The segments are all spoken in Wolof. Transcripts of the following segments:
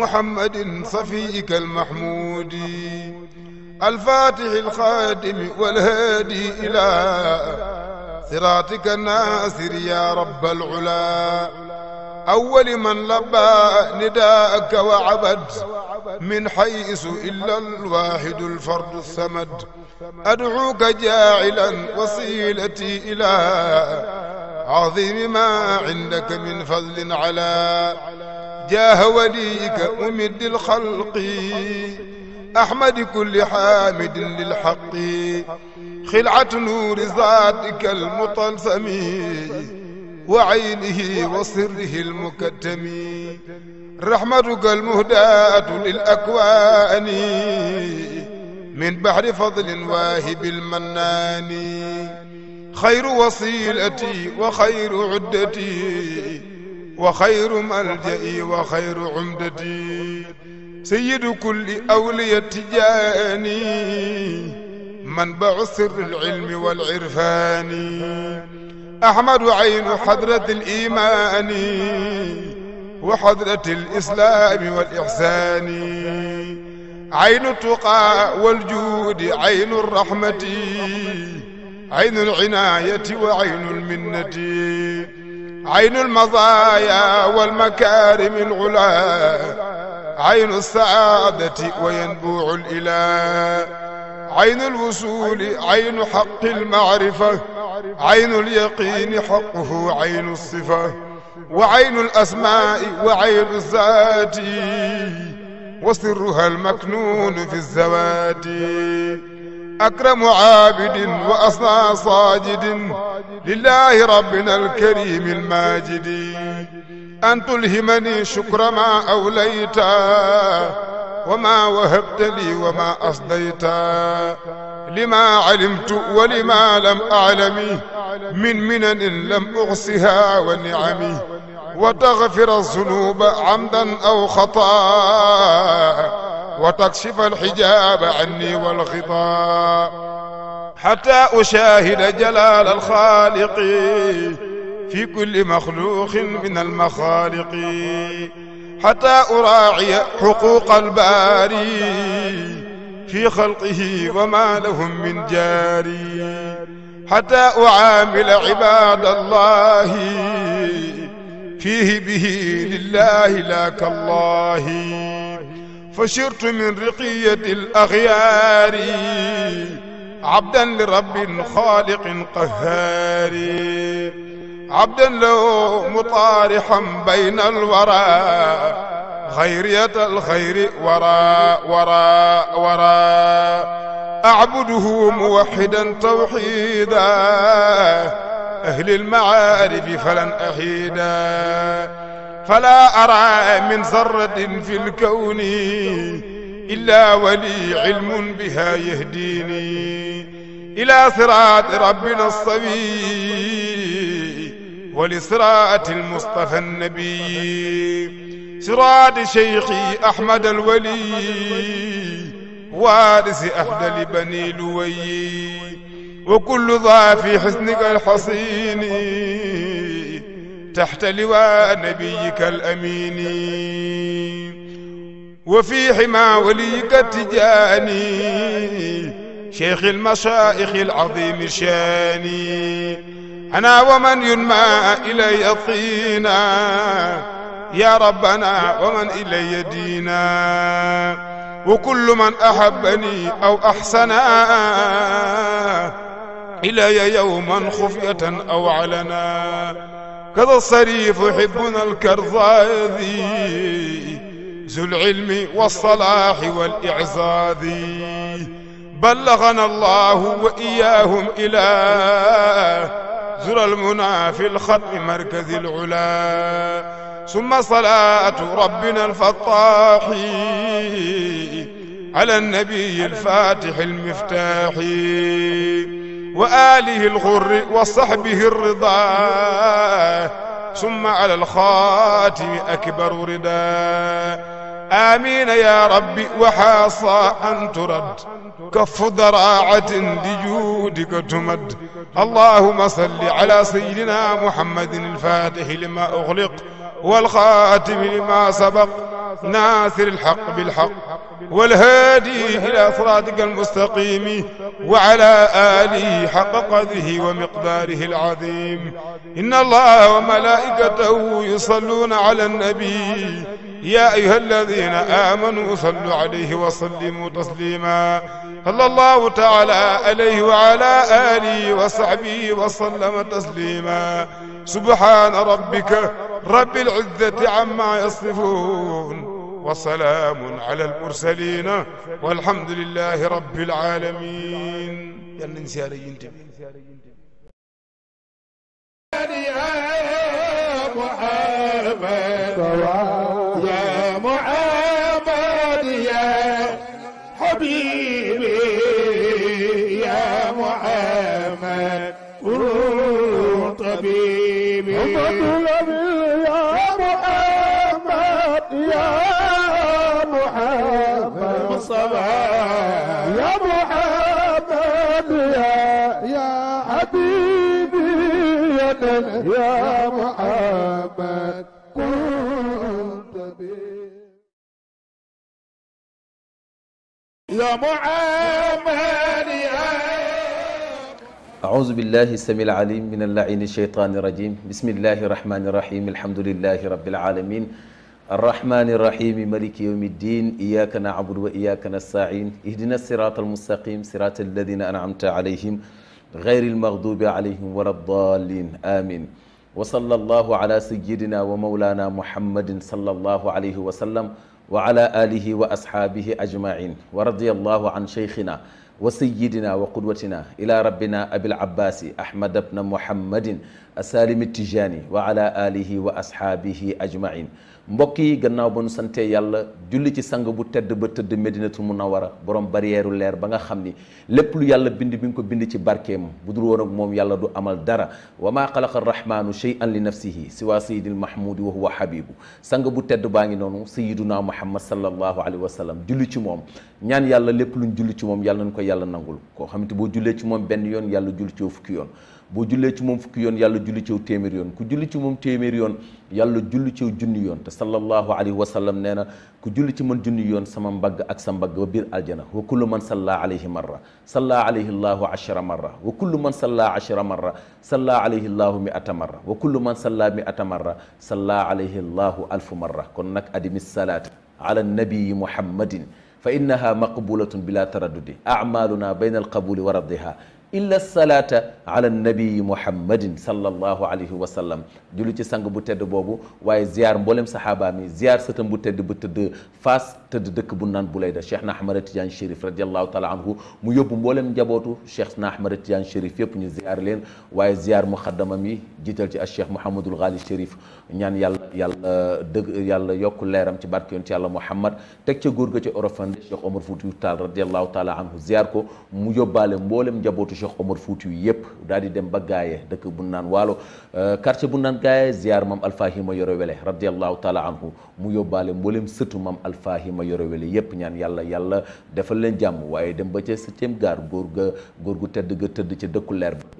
محمد صفيك المحمود الفاتح الخادم والهادي إلى صراطك الناصر يا رب العلا أول من لبى نداءك وعبد من حيث إلا الواحد الفرد الصمد أدعوك جاعلا وصيلتي إلى عظيم ما عندك من فضل على جاه وليك أمد الخلق أحمد كل حامد للحق خلعة نور ذاتك المطلسم وعينه وسره المكتم رحمتك المهداة للأكوان من بحر فضل واهب المنان خير وصيلتي وخير عدتي وخير ملجئي وخير عمدتي سيد كل أولي التجاني منبع سر العلم والعرفان أحمد عين حضرة الإيمان وحضرة الإسلام والإحسان عين التقى والجود عين الرحمة عين العناية وعين المنة عين المضايا والمكارم العلا عين السعادة وينبوع الإله عين الوصول عين حق المعرفة عين اليقين حقه عين الصفة وعين الأسماء وعين الذات وسرها المكنون في الزوات أكرم عابد وأصنع صاجد لله ربنا الكريم الماجد أن تلهمني شكر ما أوليت وما وهبت لي وما أصديت لما علمت ولما لم أعلم من منن لم أغصها ونعم وتغفر الذنوب عمدا أو خطأ وتكشف الحجاب عني والخطاب حتى أشاهد جلال الخالق في كل مخلوق من المخالق حتى أراعي حقوق الباري في خلقه وما لهم من جاري حتى أعامل عباد الله فيه به لله لا كالله فشرت من رقية الأغيار عبدا لرب خالق قهار عبدا له مطارحا بين الورى خيرية الخير وراء وراء وراء أعبده موحدا توحيدا أهل المعارف فلن أحيدا فلا أرى من ذرة في الكون إلا ولي علم بها يهديني إلى صراط ربنا الصبي ولصراط المصطفى النبي صراط شيخي أحمد الولي وارث أحد لبني لوي وكل ضعف حزنك حسنك الحصيني تحت لواء نبيك الأمين وفي حما وليك التجاني شيخ المشايخ العظيم شاني أنا ومن ينمى إلي أطينا يا ربنا ومن إلي دينا وكل من أحبني أو أحسنا إلي يوما خفية أو علنا كذا الصريف يحبنا الكرضاذي ذو العلم والصلاح والإعزاذ بلغنا الله وإياهم إلى زر المنى في الخط مركز العلا ثم صلاة ربنا الفطاح على النبي الفاتح المفتاح وآله الغر وصحبه الرضا ثم على الخاتم أكبر رضا آمين يا رب وحاصى أن ترد كف ذراعة لجودك تمد اللهم صل على سيدنا محمد الفاتح لما أغلق والخاتم لما سبق ناصر الحق بالحق والهادي إلى صراطك المستقيم وعلى آله حق قدره ومقداره العظيم إن الله وملائكته يصلون على النبي يا أيها الذين آمنوا صلوا عليه وسلموا تسليما صلى الله تعالى عليه وعلى آله وصحبه وسلم تسليما سبحان ربك رب العزة عما يصفون وسلام على المرسلين والحمد لله رب العالمين يا محمد يا محمد يا حبيبي يا محمد روح طبيبي يا محمد يا يا حبيبي يا محمد كنت بي يا محمد يا أعوذ بالله السميع العليم من اللعين الشيطان الرجيم بسم الله الرحمن الرحيم الحمد لله رب العالمين الرحمن الرحيم ملك يوم الدين إياك نعبد وإياك نستعين اهدنا الصراط المستقيم صراط الذين أنعمت عليهم غير المغضوب عليهم ولا الضالين آمين وصلى الله على سيدنا ومولانا محمد صلى الله عليه وسلم وعلى آله وأصحابه أجمعين ورضي الله عن شيخنا وسيدنا وقدوتنا إلى ربنا أبي العباس أحمد بن محمد السالم التجاني وعلى آله وأصحابه أجمعين mbokk yi gannaaw ba nu santee yàlla julli ci sang bu tedd ba tëdd medinatul munawara borom barrière leer ba nga xamni lépp lu yàlla bind bi ngi ko bind ci barkem bu dul woon ak mom yàlla du amal dara wama maa ar-rahman shay'an li nafsihi siwa sayyidil mahmud wa huwa habib sang bu tedd ba ngi nonu sayyiduna muhammad sallallahu alaihi wasallam julli ci mom ñaan yàlla lépp luñ julli ci mom yàlla nango ko yàlla nangul koo xamante boo jullee ci mom ben yoon yàlla julli ci fukki yoon bo julle ci mom fukki yon yàlla julli ci témir yon ku julli ci mom témir yon yàlla julli ci yow yon ta sallallahu alayhi wa sallam nee ku julli ci man junni yon sama mbag ak sa mbag ba biir aljana wa kullu man salla alayhi marra salla alayhi allah 10 marra wa kullu man salla 10 marra salla alayhi allah 100 marra wa kullu man salla 100 marra salla alayhi allah 1000 marra kon nak adimi salat ala nabii muhammadin فإنها مقبولة بلا تردد أعمالنا بين القبول alqabuli illa salaata ala nabi muhammadin sallallahu alayhi wa sallam julli ci sang bu tedd boobu waaye ziar mboolem saxaaba mi ziar sëtam bu tedd bu tëdd faas tëdd dëkk bu naan Bulayda cheikh na Ahmada Tidiane Chérif radiallahu taala anhu mu yóbbu mboolem njabootu cheikh na Ahmada Tidiane Chérif yëpp ñu ziar leen waaye ziar muxaddamam yi jiital ci cheikh Mouhamadul Ghali Chérif ñaan yàlla yàlla dëgg yàlla yokk leeram ci barke yonent yàlla Muhammad teg ca góor ga ci orofande cheikh Omar Foutiyou Tall radiallahu taala anhu ziar ko mu yóbbaale mboolem njabootu Cheikh Omar Fouti yi yëpp daal di dem ba gaaye dëkk bu naan waalo euh, quartier bu naan gaaye ziar maam alfahima yoro wele radiallahu taala anhu mu yóbbaale mboolem sëtu maam alfahima yoro wele yëpp ñaan yàlla yàlla defal leen jàmm waaye dem ba ca septième gaar góor ga góor gu tedd ga tëdd ca dëkku leer ba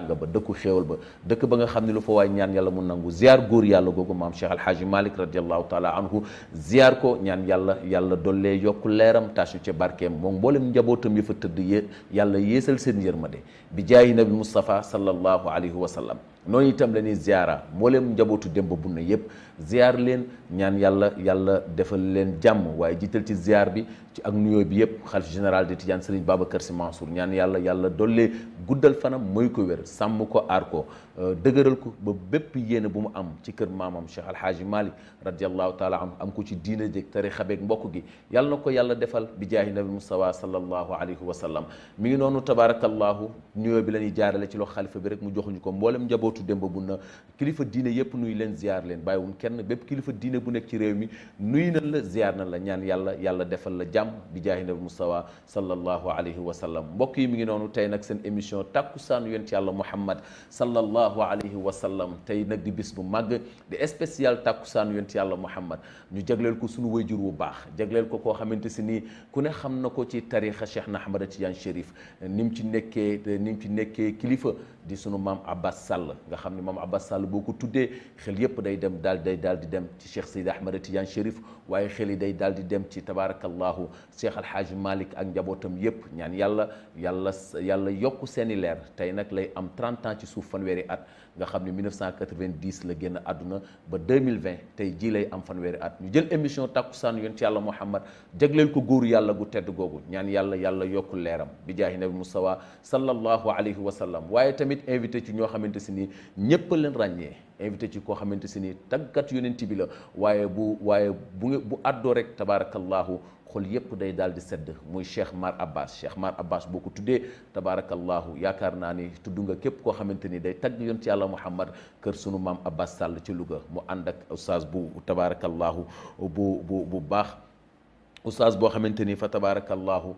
teraanga ba dëkku xéewal ba dëkk ba nga xam lu fa waay ñaan yàlla mu nangu ziar góor yàlla googu maam Cheikh Alhaaji Malick radiallahu taala anhu ziar ko ñaan yàlla yàlla dollee yokk leeram taas ñu ca barkeem moom mboolem njabootam yi yàlla yéesal seen yërmande bi jaayi nabi Mustafa sallallahu alayhi wa sallam noonu itam la ñuy ziara mbooleem njabootu bu ne yëpp ziar leen ñaan yàlla yàlla defal leen jàmm waaye jiital ci ziar bi ci ak nuyoo bi yëpp xalif général de Tidiane Serigne Babacar si Mansour ñaan yàlla yàlla dollee guddal fanam moy ko wér sàmm ko aar ko dëgëral ko ba bépp yéene bu mu am ci kër maamam Cheikh Al Hadji Malick radiallahu taala anhu am ko ci diina jëg tarixa beeg mbokk gi yàlla na ko yàlla defal bi jaahi nabi Mustafa sallallahu alayhi wa sallam mi ngi noonu tabarakallahu nuyoo bi la jaarale ci loxo xalifa bi rek mu joxuñu ko mboolem njabootu Demba Bunna kilifa diine yépp nuy leen ziar leen bàyyiwun kenn bépp kilifa diine bu nekk ci réew mi nuy na la ziar na la ñaan yàlla yàlla defal la jàmm bi jaahi nabi Mustafa sallallahu alayhi wa sallam mbokk yi mi ngi noonu tey nag seen émission takusan yonent yàlla Muhammad sallallahu sallallahu alayhi wa sallam tey nag di bis bu màgg di spécial takkusaan yonent yàlla Muhammad ñu jagleel ko suñu wayjur wu baax jagleel ko koo xamante si nii ku ne xam na ko ci tarixa Cheikh na Ahmada Tidiane Chérif ni mu ci nekkee ni mu ci nekkee kilifa di sunu mam Abbas Sall nga xamni mam Abbas Sall boko tuddé xel yëpp day dem dal day dal di dem ci Cheikh sayyid Ahmed Tidiane Chérif waye xel day dal di dem ci tabarakallah Cheikh Al Hadj Malick ak njabotam yëpp ñaan yàlla yàlla yàlla yokku seni lèr tay nak lay am 30 ans ci souf fan fanweeri at nga xamni 1990 la génn aduna ba 2020 tay ji lay am fanwéri at ñu jël émission takusan yent yàlla Muhammad jagleel ko goor yàlla gu tedd gogu ñaan yàlla yàlla yokku léram bi jahi nabi Mustafa sallallahu alayhi wa sallam waye tamit invité ci ño xamanteni ñëpp leen ragné invité ci ko xamanteni si ni yonent bi la waye bu waye bu addo rek tabaarakallaahu xol yépp day daal di sedd muy Cheikh Mar Abbas Cheikh Mar Abbas boo ko tuddee tabaarakallaahu yaakaar naa ni tudd nga képp koo xamante ni day tagg yonent yàlla Muhammad kër sunu maam Abbas Sall ci Louga mu ànd ak oustaz bu tabaarakallaahu bu bu bu baax oustaz boo xamante ni fa tabaarakallaahu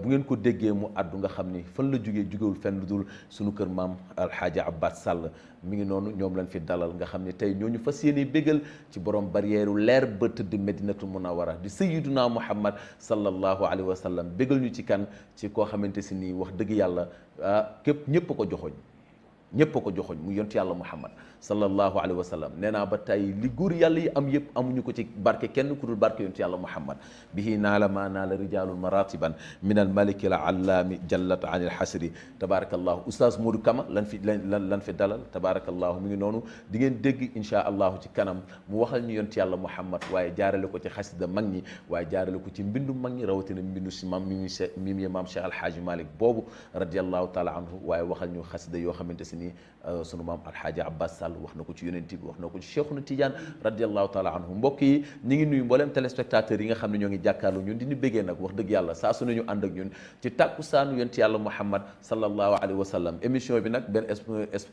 bu ngeen ko déggee mu àddu nga xamni fan la joge jógewul fen dul sunu kër maam alxaaja Abbas Sall mi ngi nonu ñom lañ fi dalal nga xamni tay ñoñu fasiyene bégal ci borom barrière leer ba tëdd medinatu munawara di sayyiduna muhammad sallallahu alaihi wasallam bégal ñu ci kan ci ko xamanteni si wax deug yàlla kep ñëpp ko joxoñ ñëpp ko joxoñ mu yont yàlla muhammad sallallahu alayhi wa sallam nee naa ba tey li góor yàlla yi am yëpp amuñu ko ci barke kenn ku dul barke yonent yàlla muhammad bihi naala maa naala rijalun maratiban min al maliki al allaami jallat an il hasri tabarakallahu oustaz Modou Kama lan fi lan lan fi dalal tabarakallahu mi ngi noonu di ngeen dégg inchaa allahu ci kanam mu waxal ñu yonent yàlla muhammad waaye jaarale ko ci xasida mag ñi waaye jaarale ko ci mbindu mag ñi rawatina mbindu si maam mi mu se mi mu maam Cheikh Alhaaji Malick boobu radiallahu taala anhu waaye waxal ñu xasida yoo xamante si nii Euh, sunu maam alxaaji abbas sall wax na ko ci yonent bi wax na ko ci cheikhuna tidiane radiallahu taala anhu mbokk yi ñi ngi nuyu mbooleem téléspectateurs yi nga xam ne ñoo ngi jàkkaarlu ñun di ñu bëggee nag wax dëgg yàlla saa su ne ñu ànd ak ñun ci tàkkusaanu yonent yàlla muhammad sallallahu alayhi wa sallam émission bi nag benn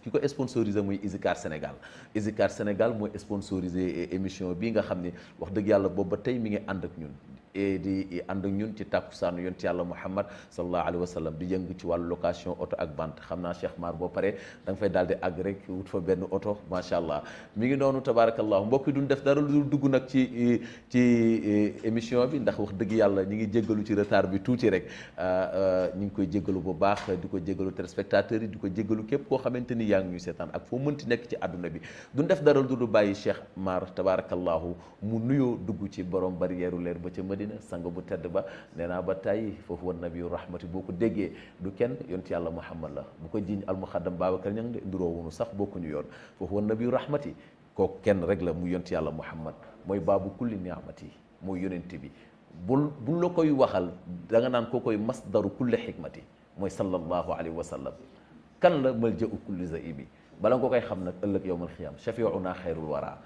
ki ko sponsorisé muy Isicar Sénégal Isicar Sénégal mooy sponsorisé émission bi nga xam ne wax dëgg yàlla boobu ba tey mi ngi ànd ak ñun di ànd ak ñun ci tàkkusaanu yonent yàlla Muhammad sallallahu alayhi wa sallam di yëngu ci wàllu location oto ak bant xam naa Cheikh Mar boo paree da fay daal di àgg rek wut fa benn oto macha allah mi ngi noonu tabaarakallahu mbokk yi duñ def dara lu dugg nag ci ci e, émission bi ndax wax dëgg yàlla ñi ngi jéggalu ci retard bi tuuti rek ah, ah, ñi ngi koy jéggalu bu baax di ko jéggalu téléspectateurs yi di ko jéggalu képp koo xamante ni yaa ngi ñuy seetaan ak foo mënti nekk ci àdduna bi duñ def dara lu dul bàyyi Cheikh Mar tabaarakallahu mu nuyoo dugg ci borom barrière leer ba ca Madina àddina sang bu tedd ba nee naa ba tey foofu wan nabiyu rahmati boo ko déggee du kenn yonti yàlla muhammad la bu ko jiñ almuxaddam Babacar ñang de nduroowunu sax bokkuñu yoon foofu wan nabiyu rahmati kooku kenn rek la mu yonti yàlla muhammad mooy baabu kulli niamati mooy yonente bi bul bul la koy waxal da naan koo koy masdaru kulli xikmati mooy sallallahu alayhi wa sallam kan la malja u kulli zaibi bala nga koy xam nag ëllëg yowmal xiyaam shafiuna xayrul wara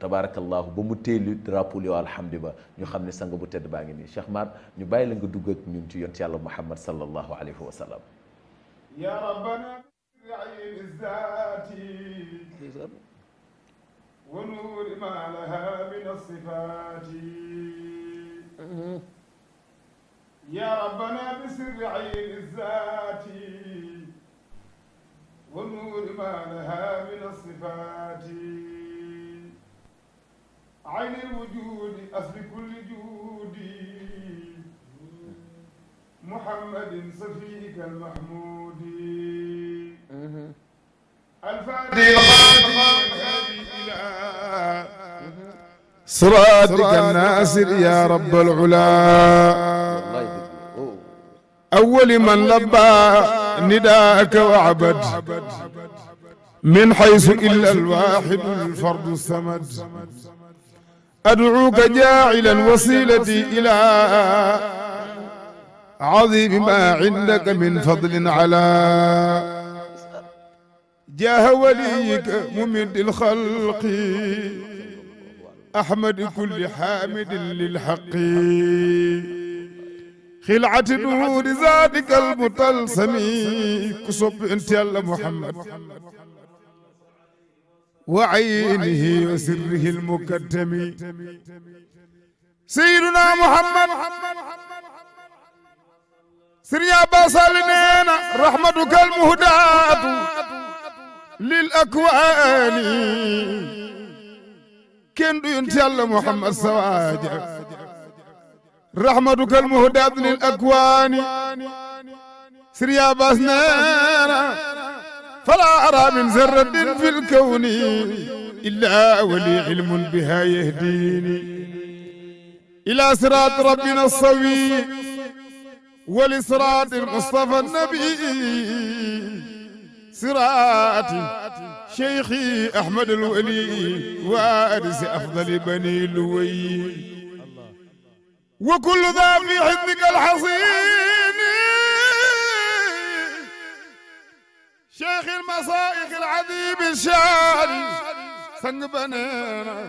tabaarakallaahu ba mu teelu drapeau yow alhamdi ba ñu xam ne sang bu tedd baa ngi nii Cheikh Mar ñu bàyyi la nga dugg ak ñun ci yont yàlla Muhammad sallallahu alayhi wa sallam ya rabbana bi'izzati wa nuri ma laha min as-sifati ya rabbana bi sirri izzati wa nuri ma laha min as-sifati عين الوجود أصل كل جودي محمد صفيك المحمود الفادي إلى صراطك الناصر يا رب العلا أول من لبى نداءك وعبد من حيث إلا الواحد الفرد الصمد أدعوك جاعلا وسيلتي إلى عظيم ما عندك من فضل على جاه وليك ممد الخلق أحمد كل حامد للحق خلعة نور ذاتك المطلسم كسب انت يا محمد وعينه وسره المكتم سيدنا محمد سريا باصالنين رحمتك المهداة للأكوان كندو ينتي الله محمد سواجه رحمتك المهداة للأكوان سريا باص نينا فلا أرى من ذرة في الكون إلا ولي علم بها يهديني إلى صراط ربنا الصوي ولصراط المصطفى النبي صراط شيخي أحمد الولي وأرس أفضل بني لوي وكل ذا في حذك الحصين شيخ المصائق العذيب الشعري سنق بنينا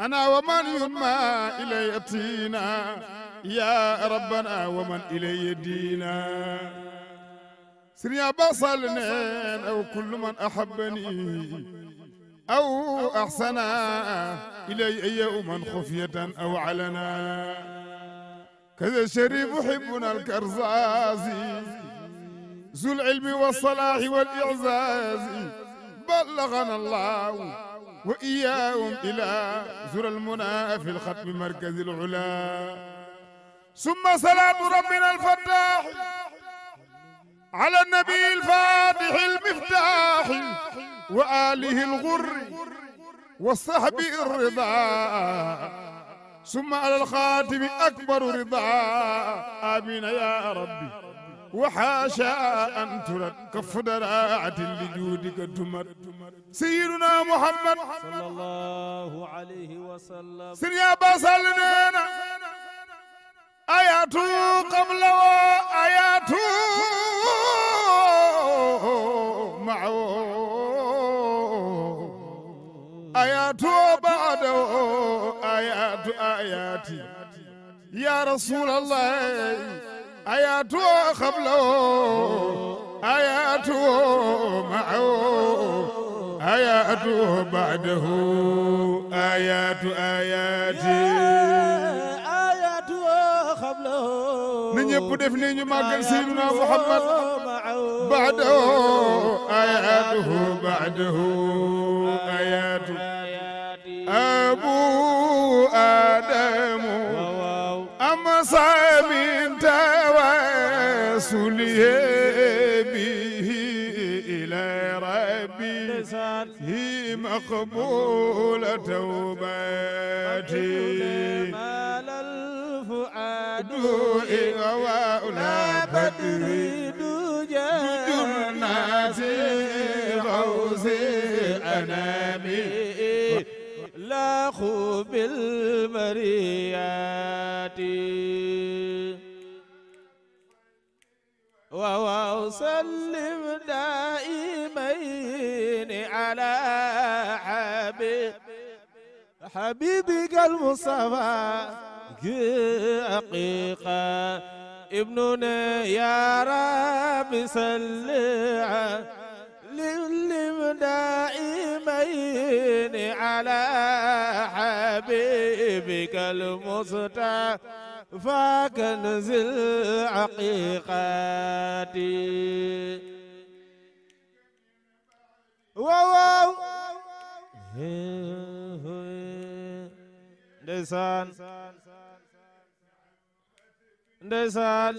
أنا ومن يما إلي ياتينا يا ربنا ومن إلي يدينا سريا بصلنا أو كل من أحبني أو أحسنا إلي يوما خفية أو علنا كذا شريف حبنا الكرزازي ذو العلم والصلاح والإعزاز بلغنا الله وإياهم إلى زر المنى في الختم مركز العلا ثم صلاة ربنا الفتاح على النبي الفاتح المفتاح وآله الغر والصحب الرضا ثم على الخاتم أكبر رضا آمين يا ربي وحاشا أن ترد كفدرات لجودك قدمر سيدنا محمد صلى الله عليه وسلم سيدنا بسلنا آياتو قبل وآياته معه آياته بعده آياتو آياتي يا رسول الله آياته قبله آياته معه آياته بعده آيات آياتي آياته قبله نيب ديف ني ñu magal سيدنا محمد بعده آياته بعده آيات أبو آدم أما سامي وصلي به إلى ربي هي مقبولة توبتي مال الفؤاد ولا بدري جنات غوث أنامي خوب المريات وسلم دائمين على حبيب حبيبك المصطفى حقيقة ابننا يا رب سلع للم دائمين على حبيبك المصطفى فكنز عقيقاتي واو ندسان ندسان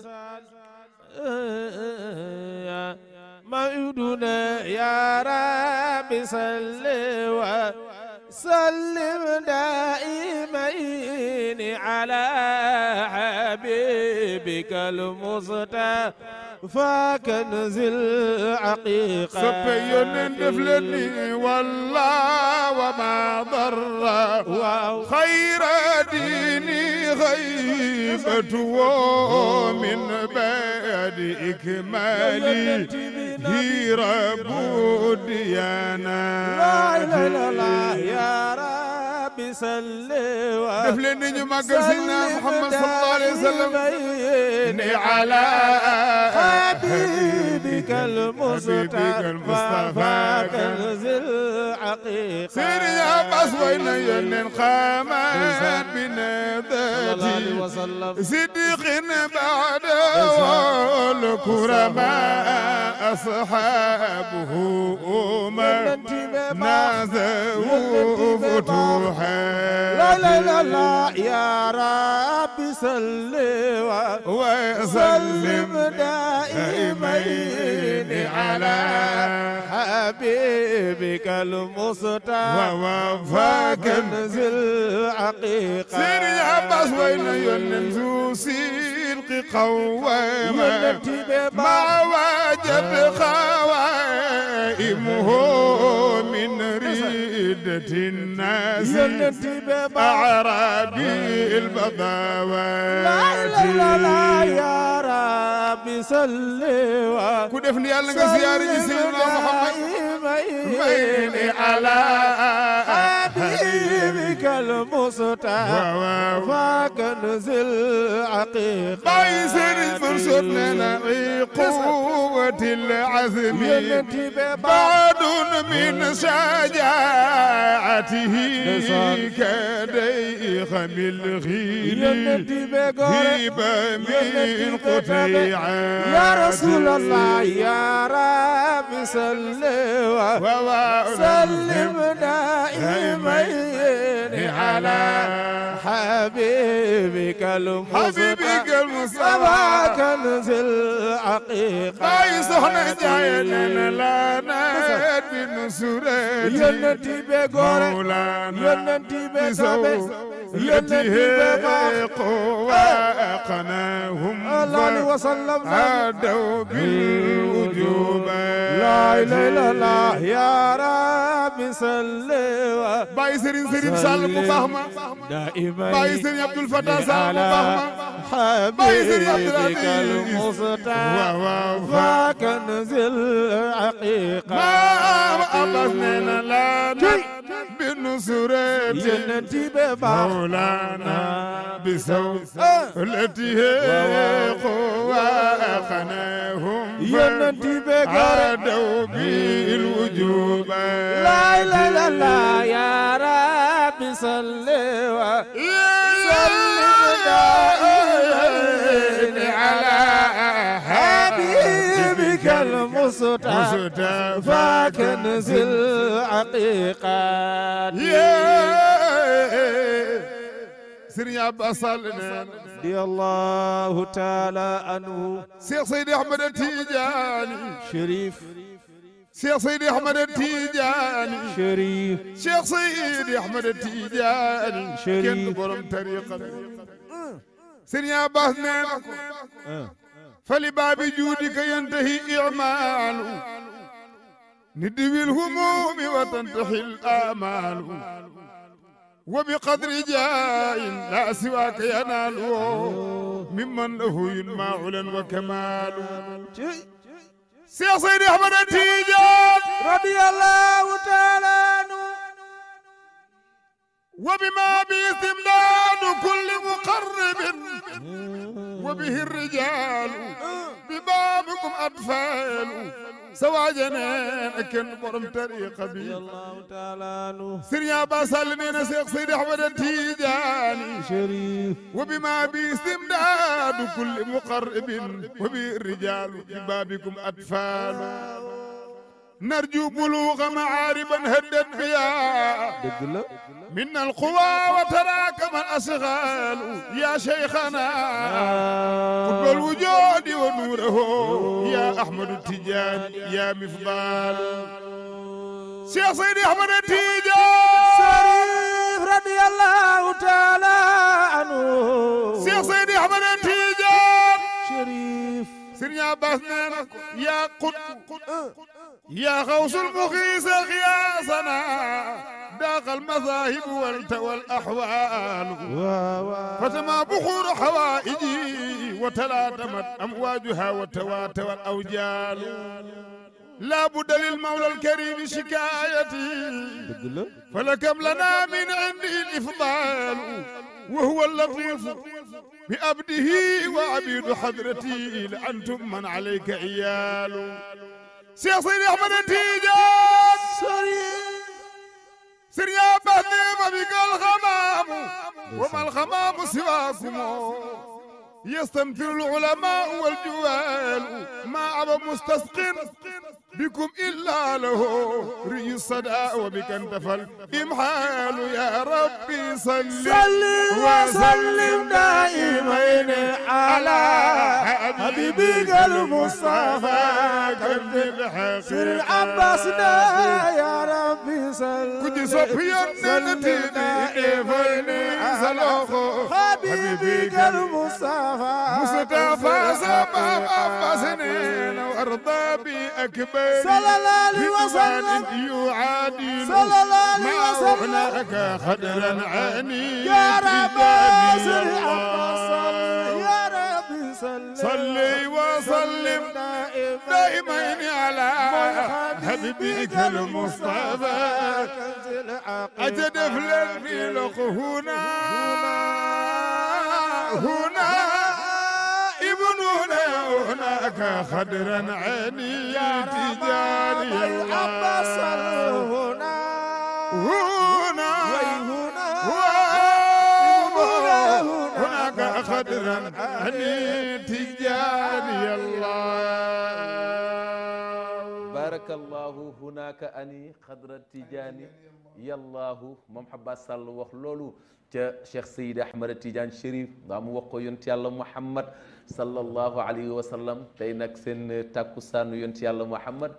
يا ما يدون يا ربي سلوا سلم دائمين على حبيبك المصطفى فكنز العقيقة سبي نفلني والله وما ضر خير ديني غيبة ومن بعد إكمالي هي رب ديانا لا لا لا يا رب سلوا نفل نجي ما قلنا محمد صلى الله عليه وسلم إني على حبيبك المصطفى كنز العقيقة سيري يا عباس وين ينن قامت بنباتي صديق بعد والكرة ما أصحابه أمر نازوا فتوحا لا لا لا لا يا رب سلم وسلم دائمين على حبيبك المصطفى فكنز العقيقة سيري يا عباس وين ينزل سيري وجد قوامه ما وجد من ريدة الناس أعرابي البضاوات لا لا يا ربي صلي كنت يا لنك زيارة سيدنا محمد العين على حبيبك المصطفى فكنز العقيقة قيسر فرصة لنا قوة العزم بعد من شجاعته كديخم الغيب هيبة من قطيعة يا رسول الله يا رب صلوا وسلم دائمين على حبيبك المصطفى كنز الحقيقة باي سخنا جاينا لانا بنصرتي ينتي بغور ينتي بغور التي هي قوة أقناهم فأدوا بالوجوب لا إله إلا الله يا رب صل باي سيرين سيرين سالم فهما دائما باي سيرين عبد الفتاح سالم مفهمة باي سيرين عبد العزيز فكنز العقيقة ما أبسنا لا نصرة مولانا بسولته وأخناهم فعدوا بالوجوب لا إله إلا الله يا رب صل وسلم دائما على سوتا وسطى فكنز العقيقات سيري عباس سالنا رضي الله تعالى عنه شيخ سيدي احمد التيجاني شريف شيخ سيدي احمد التيجاني شريف شيخ سيدي احمد التيجاني شريف كن برم طريقه سيري عباس نانكو نعم. آه. فلباب جودك ينتهي إعمال ندوي الهموم وتنتهي الآمال وبقدر جاء لا سواك ينال ممن له ينمى علا وكمال سيصير أحمد تيجان رضي الله تعالى عنه وبما باستمداد كل مقرب وبه الرجال ببابكم أطفال سوا جنين أكن برم طريق بي الله تعالى سريا باسالني نسيق سيد أحمد التيجاني شريف وبما باستمداد كل مقرب وبه الرجال ببابكم أطفال نرجو بلوغ معارب هدت بيا من القوى وتراكم الأصغال يا شيخنا قطب الوجود ونوره يا أحمد التجاني يا مفضال شيخ سيدي أحمد التجاني شريف رضي الله تعالى عنه شيخ سيدي أحمد التجاني شريف سيدي عباس يا قد, قد أه، أه. يا غوث يا قياسنا داق المذاهب والتوى الأحوال فتما بخور حوائجي وتلاتمت أمواجها وتواتوى الأوجال لا بد للمولى الكريم شكايتي فلكم لنا من عنده الإفضال وهو اللطيف بأبده وعبيد حضرتي لأنتم من عليك عيال Cheikh Seydi Ahmed Tidiane Serigne Abbas ne ma bigal xamaamu wa mal xamaamu siwaakumoo yastanfiru l ulamaa wal juwaal maa aba mustasqin بكم إلا له ري الصدى وبك انتفل إمحال يا ربي صلي وسلم دائمين على حبيبك المصطفى كنت الحق سر عباسنا يا ربي صلي كنت صفيا نتيني حبيبك المصطفى مصطفى سبب عباسنا وارضى بأكبر صلى الله عليه وسلم يعادل صلى الله عليه وسلم ما وحناك خدرا عني يا رب صل يا رب صل صلي وسلم دائما على حبيبك المصطفى أجد فلن في لقهنا هنا, هنا هنا وهناك خدرا عيني يا تجاري العباس هنا هنا هنا هناك خدرا عيني تجاري الله هناك أني خضر تيجاني يا الله محبا صلى وخ لولو تا شيخ سيد احمد تيجان شريف دام وخو يونت الله محمد صلى الله عليه وسلم تاي نك سن تاكوسان يونت الله محمد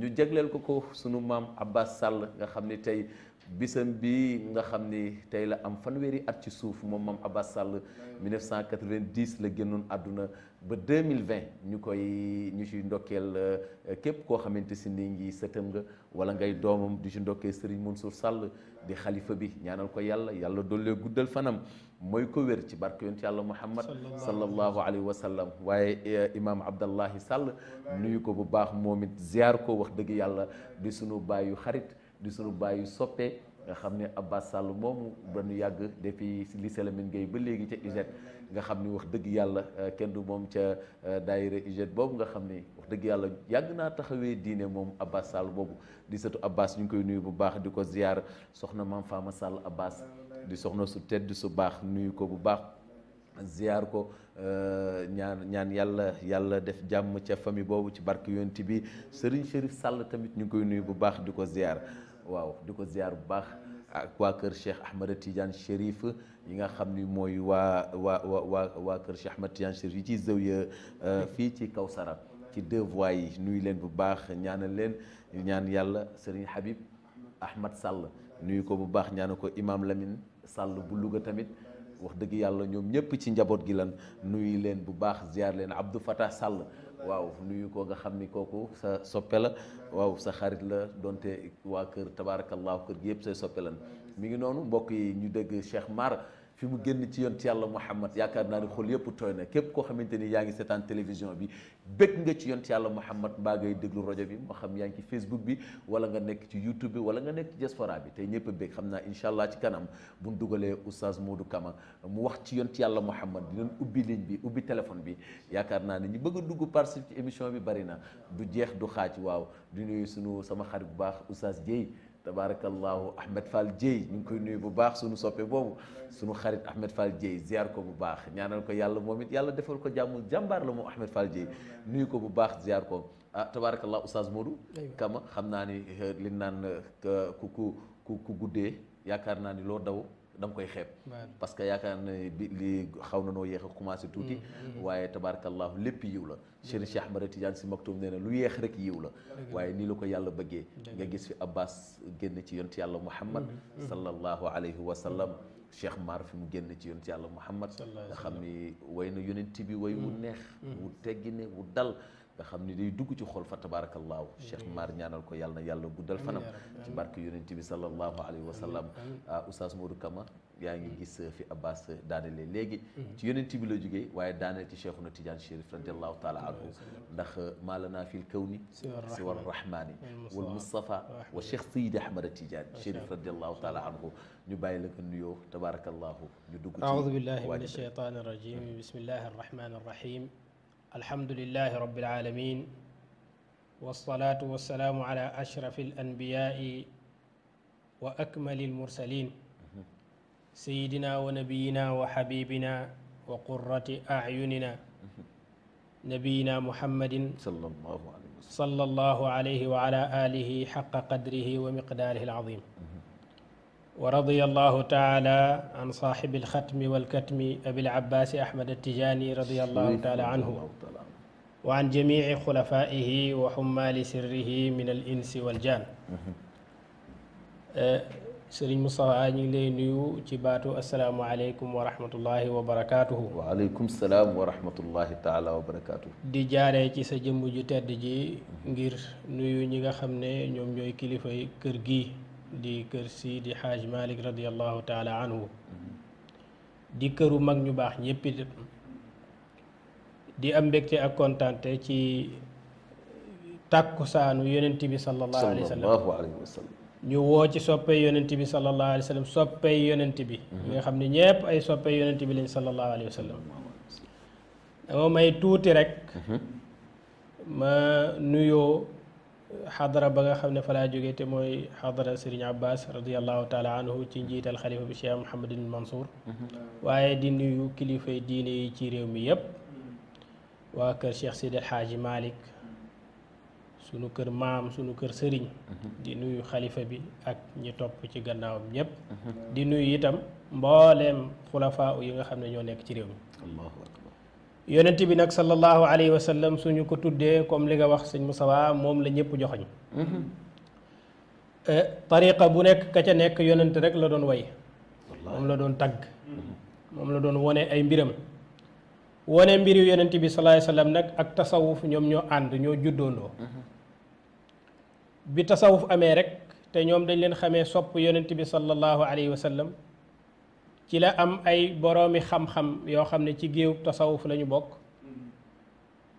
ني جيغلل كوكو مام عباس صلى غا خامني bisam bi nga xam ni tey la am fanweeri at ci suuf moom Mame Abass Sall 1990 la génnoon àdduna ba 2020 ñu koy ñu ci ndokkeel euh, képp koo xamante si ni ngi sëtam nga wala ngay doomam du ci ndokkee Serigne Mansour Sall di xalifa bi ñaanal ko yàlla yàlla dollee guddal fanam mooy ko wér ci barke yonent yàlla Muhammad sallallahu alayhi wa sallam waaye euh, imaam Abdallahi Sall nuyu ko bu baax moom it ziar koo wax dëgg yàlla di suñu baayu xarit di sunu bàyyi soppe nga xam ne Abbas Sall moomu ba nu yàgg depuis lycée Lamine ba léegi ca UGED nga xam ni wax dëgg yàlla euh, kenn du moom ca euh, daayira UGED boobu nga xam ni wax dëgg yàlla yàgg naa taxawee diine moom Abbas Sall boobu di sëtu Abbas ñu ngi koy nuyu bu baax di ko ziar soxna maam Fama Sall Abbas di soxna su tedd su baax nuyu ko bu baax ziar ko euh, ñaan ñaan yàlla yàlla def jàmm ca famille boobu ci barke yonti bi Serigne Chérif sàll tamit ñu ngi koy nuyu bu baax di ko ziar. waaw di ko ziar bu baax ak waa kër Cheikh Ahmed Tidiane Chérif yi nga xam ni mooy waa waa waa waa kër Cheikh Ahmed Tidiane Chérif yi ci zawiya euh, fii ci Kawsara ci deux voies yi nuyu leen bu baax ñaanal leen ñaan yàlla Serigne Habib Ahmad Sall nuyu ko bu baax ñaanal ko Imam Lamine sàll bu Louga tamit wax dëgg yàlla ñoom ñëpp ci njaboot gi lan nuyu leen bu baax ziar leen Abdou Fatah sàll waaw nuyu ko nga xam ni kooku sa soppe la waaw sa xarit la donte waa kër tabaarakallaahu kër gi yëpp say soppe lan mi ngi noonu mbokk yi ñu dëgg Cheikh Mar fi mu génn ci yoon ci yàlla Muhammad yaakaar naa ne xol yëpp tooy na képp koo xamante ni yaa ngi seetaan télévision bi bëgg nga ci yoon ci yàlla Muhammad mbaa ngay déglu rajo bi moo xam yaa ngi ci Facebook bi wala nga nekk ci YouTube bi wala nga nekk ci diaspora bi tey ñëpp a bëgg xam naa incha allah ci kanam bu ñu dugalee oustaz Modou Kama mu wax ci yoon ci yàlla Muhammad dinañ ubbi ligne bi ubbi téléphone bi yaakaar naa ne ñu bëgg a dugg participe ci émission bi bari na du jeex du xaaj waaw du nuyu sama xarit bu baax oustaz Dieye tabarakallahu Ahmed Fall Dieye ñu ngi koy nuyu bu baax suñu soppe boobu suñu xarit Ahmed Fall Dieye ziar ko bu baax ñaanal ko yàlla moom it yàlla defal ko jàmm jàmbaar la moom Ahmed Fall Dieye nuyu ko bu baax ziar ko ah tabarakallahu Oustaz Modou Kama xam naa ni li naan ku ku ku guddee yaakaar naa ni loo daw da koy xeb parce que yaakaar na bi lii xaw yéex commencé touti waye tabarakallah lépp yiw la Cheikh Cheikh Ahmada Tidiane Sy Maktoum neena lu yéex rek yiw la waye ni lako yàlla beugé nga gis fi Abbas génn ci yonent yàlla Muhammad sallallahu alayhi wa sallam cheikh Mar fi mu génn ci yonent yàlla Muhammad nga xam ni way na yonent bi way wu neex wu teggine wu dal nga xam ni day dugg ci xol fa tabaarakallaahu Cheikh Mar ñaanal ko yàlla na yàlla guddal fanam ci barke yonent bi sallallahu alayhi wa sallam Oustaz Modou Kama yaa ngi gis fi Abbas daanele léegi ci yonent bi la jógee waaye daaneel ci Cheikhuna Tidiane Chérif radiallahu taala anhu ndax maa lanaa fil kawni siwa rahmaani wal Mustafa wa Cheikh Seydi Ahmad Tidiane Chérif radiallahu taala anhu ñu bàyyi la ko nuyoo tabaarakallaahu ñu dugg ci aoudu billahi min alcheytan arrajim bismillahi arrahmani arrahim الحمد لله رب العالمين والصلاة والسلام على أشرف الأنبياء وأكمل المرسلين سيدنا ونبينا وحبيبنا وقرة أعيننا نبينا محمد صلى الله عليه وسلم صلى الله عليه وعلى آله حق قدره ومقداره العظيم ورضي الله تعالى عن صاحب الختم والكتم أبي العباس أحمد التجاني رضي الله تعالى عنه وعن جميع خلفائه وحمال سره من الإنس والجان أه، سرين مصطفى لي نيو تباتو السلام عليكم ورحمة الله وبركاته وعليكم السلام ورحمة الله تعالى وبركاته دي جاري تي سجم جي غير نيو نيغا خمني نيوم نيوي كليفاي كيرغي di kër Sidi Xaaj Malik radiallahu taala di këru mag ñu baax ñépp di am mbégte ak kontaante ci tàkkusaanu yonent bi sallallahu alayhi ñu woo ci soppe yonent bi sallallahu alayhi wa sallam yonent bi ñi mhm. nga xam ne ñépp ay soppe yonent bi lañ sallallahu alayhi wa dama may tuuti rek mhm. ma nuyoo حضرة بغا خمنا فلا جوغيت موي حضر سيرين عباس رضي الله تعالى عنه تي الخليفة خليفه محمد بن منصور واي دي نيو كليفه ديني تي ريومي ييب شيخ سيد الحاج مالك سونو كير مام سونو كير سيرين دي نيو خليفه بي اك ني توپ تي غناوم ييب دي نيو خلفاء ييغا خمنا ньо نيك تي الله yonent bi nak sallallahu alayhi wa sallam suñu ko tuddé comme li nga wax seigne Moustapha mom la ñëpp euh tariqa bu nek ka ca nek yonent rek la doon way mom la doon tag mom la doon wone ay mbiram wone yu yonent bi sallallahu alayhi wa sallam nag ak tasawuf ñom ñoo ànd ñoo juddondo bi tasawuf amé rek te ñom dañ leen xamé sop yonent bi sallallahu alayhi wa sallam ci la am ay boroomi xam-xam yoo xam ne ci géew tasawuf la ñu bokk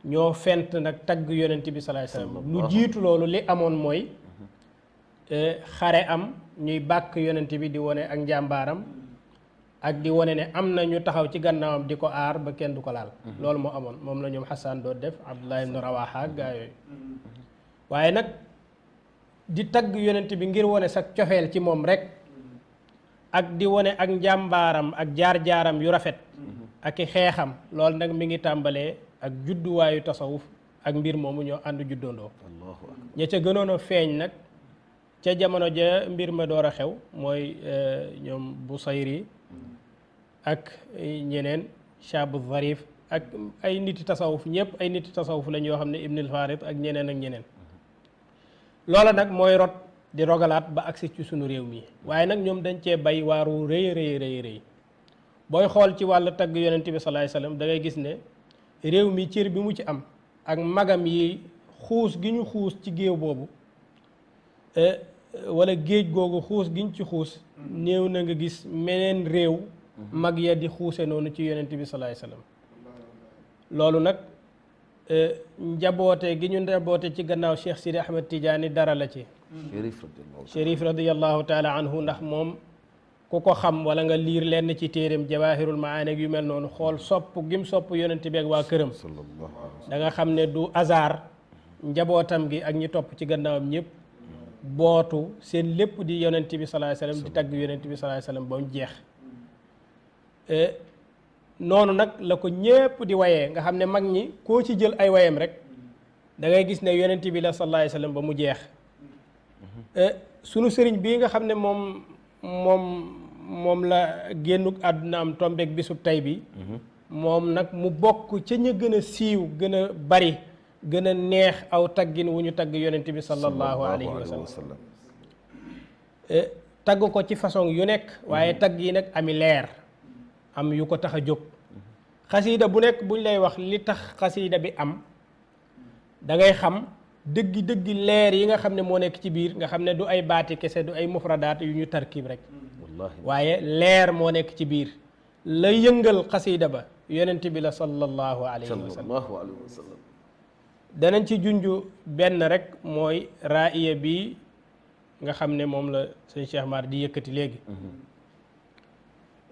ñoo fent nag tagg yonent bi salaay salaam lu jiitu loolu li amoon mooy eh, xare am ñuy bàkk yonent bi di wone ak njàmbaaram ak di wane ne am na ñu taxaw ci gannaawam di ko aar ba kenn du ko laal loolu moo amoon moom la ñoom Xasaan doon def Abdullah ibn Rawaha ak gaa yooyu waaye nag di tagg yonent bi ngir wane sa cofeel ci moom rek ak di wone ak njàmbaaram ak jaar-jaaram yu rafet mhm. aki xeexam loolu nag mi ngi tàmbalee ak judduwaayu tasawuf ak mbir moomu ñoo ànd juddoondoo ña ca gënoon feeñ nag ca jamono ja mbir ma door a xew mooy eh, ñoom Busayri mhm. ak eh, ñeneen Shaabu Zarif ak ay nit tasawuf ñëpp ay niti tasawuf lañ yoo xam ne Ibnul Farid ak ñeneen ak ñeneen mhm. loola nag mooy rot di rogalaat ba agsi ci sunu réew mi waaye nag ñoom dañ cee bay waaru rëy rëy rëy booy xool ci wàll tagg yonent bi salaay salaam dangay gis ne réew mi cër bi mu ci am ak magam yi xuus gi ñu xuus ci géew boobu eh, wala géej googu xuus giñ ci xuus néew na nga gis meneen réew mag ya di xuuse noonu ci yonent bi salaay salaam loolu nag eh, njaboote gi ñu njaboote ci gannaaw Cheikh Sidi Ahmed Tidiane dara la ci Chérif radhiyallahu taala anhu ndax moom ku ko xam wala nga lire len ci téeréem jawahirul maani yu mel non xol sop gim sop yonenti bi wa kërëm da nga xam ne du azar njabotam gi ak ñi top ci gannaam ñep botu seen lepp di yonenti bi alayhi wasallam di tag yonenti bi sallallahu alayhi wasallam mu jeex e, nonu nak la ko ñépp di waye nga xam ne mag ñi koo ci jël ay wayam rek da ngay gis ne yonenti bi la alayhi wasallam ba mu jeex Eh, sunu sëriñ bii nga xam ne moom moom moom la génnuk àdduna am tombeek bisub tey bi mhm. moom nag mu bokk ca ña gën a siiw gën a bari gën a neex aw taggin wu ñu tagg yonent bi sallallahu alayhi wa sallam eh, tagg ko ci façon yu nekk waaye mhm. tagg yi nag ami leer am yu ko tax a jóg xasiida bu nekk buñ lay wax li tax xasiida bi am dangay xam dëggi dëggi leer yi nga xam ne moo nekk ci biir nga xam ne du ay baati kese du ay mufradaat yu ñu tarkib rek waaye leer moo nekk ci biir la yëngal xasida ba yenent bi la sallallahu alayhi wa sallam danañ ci junj benn rek mooy raaya bi nga xam ne moom la sëñ Cheikh Mar di yëkkati léegi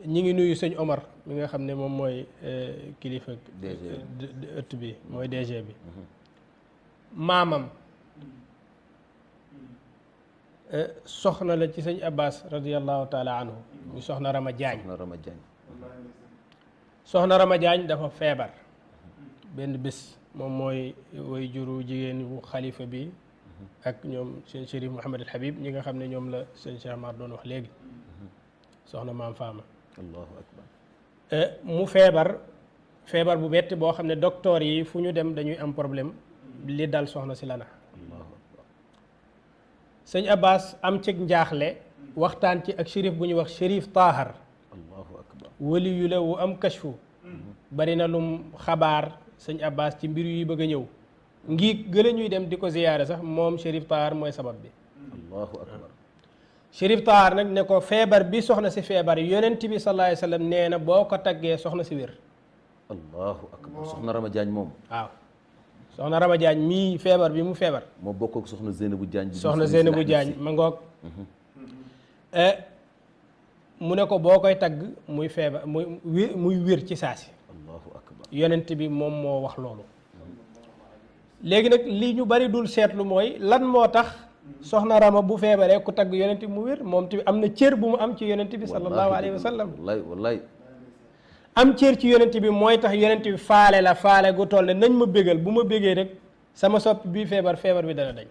ñi ngi nuyu sëñ Omar mi nga xam ne moom mooy euh, kilifa ëtt bi mooy DG bi mm-hmm. maamam soxna la ci sëñ Abbas radiallahu taala anhu muy soxna Rama Jaañ soxna Rama Jaañ dafa feebar benn bés moom mooy way juru jigéen wu xalifa bi ak ñoom seen Chérif Mouhamed El Habib ñi nga xam ne ñoom la seen Cheikh Mar doon wax léegi soxna maam Faama allahu akbar mu feebar feebar bu metti boo xam ne docteur yi fu ñu dem dañuy am problème li dal soxna si lana sëñ Abbas am cig njaaxle waxtaan ci ak shérif bu ñuy wax shérif Tahar wali wu am kashfu bari na lum xabaar sëñ Abbas ci mbir yuy bëgg a ñëw ngi gëla ñuy dem di ko ziyaare sax moom shérif Tahar mooy sabab bi allahu akbar nag ne ko feebar bi soxna si feebar yonent bi sallallahu alayhi wa nee na boo ko taggee soxna si wér allahu akbar soxna Ramadiagne moom waaw soxna Raba Diagne mii feebar bi mu feebar. moo bokk ak soxna Zeynabu Diagne. soxna Zeynabu Diagne ma ngoog. Mhm. Eh, mu ne ko boo koy tagg muy feebar muy muy wér ci saasi. allahu yonent bi moom moo wax loolu. léegi nag li ñu bari dul seetlu mooy lan moo tax. soxna Rama bu feebaree ku tagg yonent bi mu wér moom tamit am na cër bu mu am ci yonent bi. sallallahu alayhi wa sallam am cër ci yonent bi mooy tax yonent bi faale la faale gu toll ne nañ ma bégal bu ma bégee rek sama sopp bi feebar feebar bi dana dañ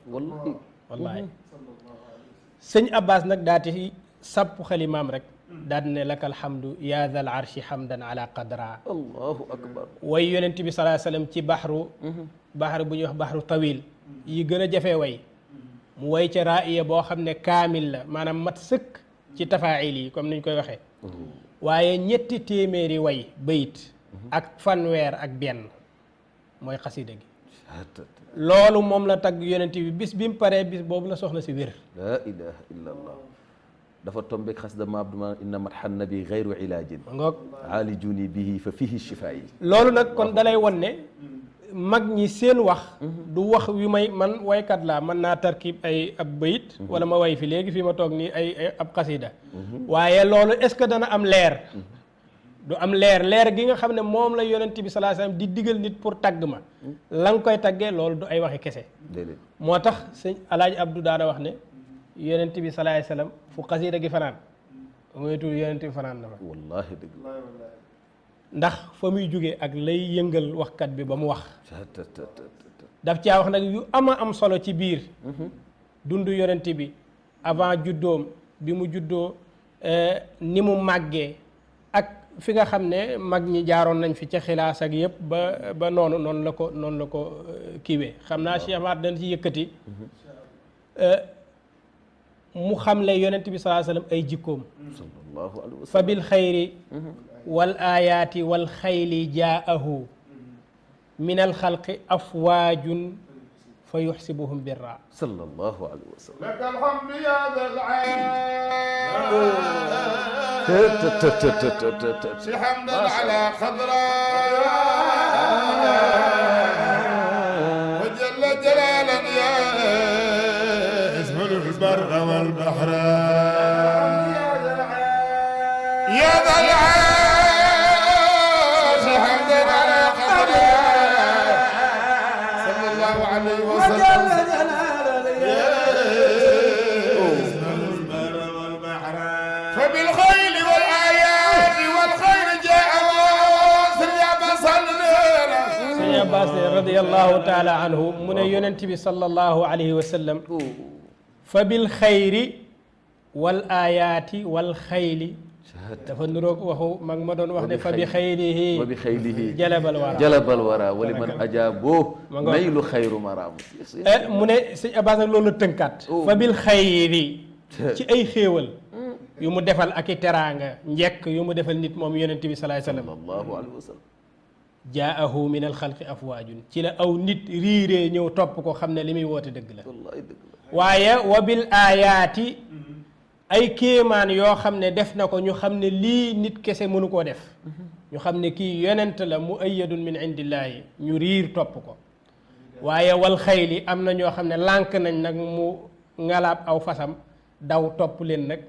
wallaahi sëñ abbas nag daati sapp xalimaam rek daal ne laka alhamdu yaa dal arshi hamdan ala qadra allahu akbar way yonent bi salaa sallam ci baxru baxru bu ñuy wax baxru tawil yi gën a jafe way mu way ca raaya boo xam ne kaamil la maanaam mat sëkk ci tafaayil yi comme niñ koy waxee waye ñetti téméré way beuyit ak fanweer ak ben moy qasida gi lolu mom la tag yonenti bi bis bi paré bis bobu la soxla ci wér la ilaha illa allah dafa tombe khasda ma abduma inna marhan nabi ghayru ilajin ngok alijuni bihi fa fihi shifa lolu nak kon dalay wonne mag ñi seen wax mhm. du wax wi may man waykat laa mën naa tarkib ay ab bayit mhm. wala ma way fi léegi fii ma toog nii ay ab xasida mhm. waaye loolu est-ce que dana am leer du am leer leer gi nga xam ne moom la yonent bi sallallahu alayhi di digal nit pour tagg ma la nga koy taggee loolu du ay waxi kese moo tax sëñ alaaji abdou daana wax ne yonent bi sallallahu alayhi wasallam fu xasida gi fanaan moy tuur yonent bi fanaan na fa ndax fa muy jóge ak lay yëngal waxkat bi ba mu wax daf caa wax nag yu ama am solo ci biir mm-hmm. dund yonent bi avant juddoom bi mu juddoo eh, ni mu màggee ak fi nga xam ne mag ñi jaaroon nañ fi ca xilaas ak yëpp ba ba noonu noonu la ko noonu la ko eh, kiiwee xam naa Cheikh Mar dañ ci yëkkati mm-hmm. eh, mu xam le yonent bi salaa ay jikkoom fa xayri mm-hmm. والآيات والخيل جاءه من الخلق أفواج فيحسبهم بالراء صلى الله عليه وسلم لك الحمد يا ذا العين حمدا على خضراء الله تعالى عنه من ينتبه صلى الله عليه وسلم فبالخير والآيات والخيل دافا نروك واخو ماك فبخيله وبخيله جلب الورى جلب الورى ولمن اجابوه ميل خير مرام من سي اباس تنكات فبالخير اي خيول يوم دفال اكي ترانغا يوم دفال نيت موم صلى الله عليه الله عليه وسلم jaahu min alxalqi afwaajun ci la aw nit riiree ñëw topp ko xam ne li muy woote dëgg la waaye wa bil aayaati ay kéemaan yoo xam ne def na ko ñu xam ne lii nit kese mënu koo def ñu xam ne kii yonent la mu ayyadun min indillaahi ñu riir topp ko waaye wal xayli am na ñoo xam ne lànk nañ nag mu ngalaab aw fasam daw topp leen nag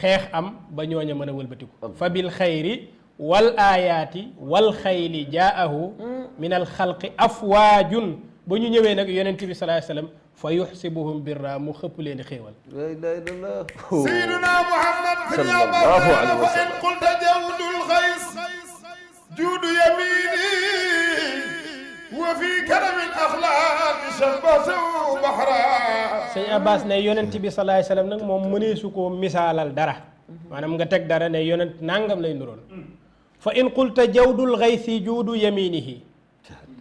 xeex am ba ñooña mën a wëlbatiku fa bil xayri والآيات والخيل جاءه من الخلق أفواج بني نيوي نك يونتي صلى الله عليه وسلم فيحسبهم بالرام خب لين خيول لا اله الا الله سيدنا محمد في اليوم فإن قلت جود الخيس جود يميني وفي كرم الاخلاق شبثوا بحرا سي عباس ني يونتي صلى الله عليه وسلم نك موم منيسوكو مثالال دارا مانام nga tek dara ne yonent nangam lay nuron fa in qulta jawdul xaysi juudu yaminihi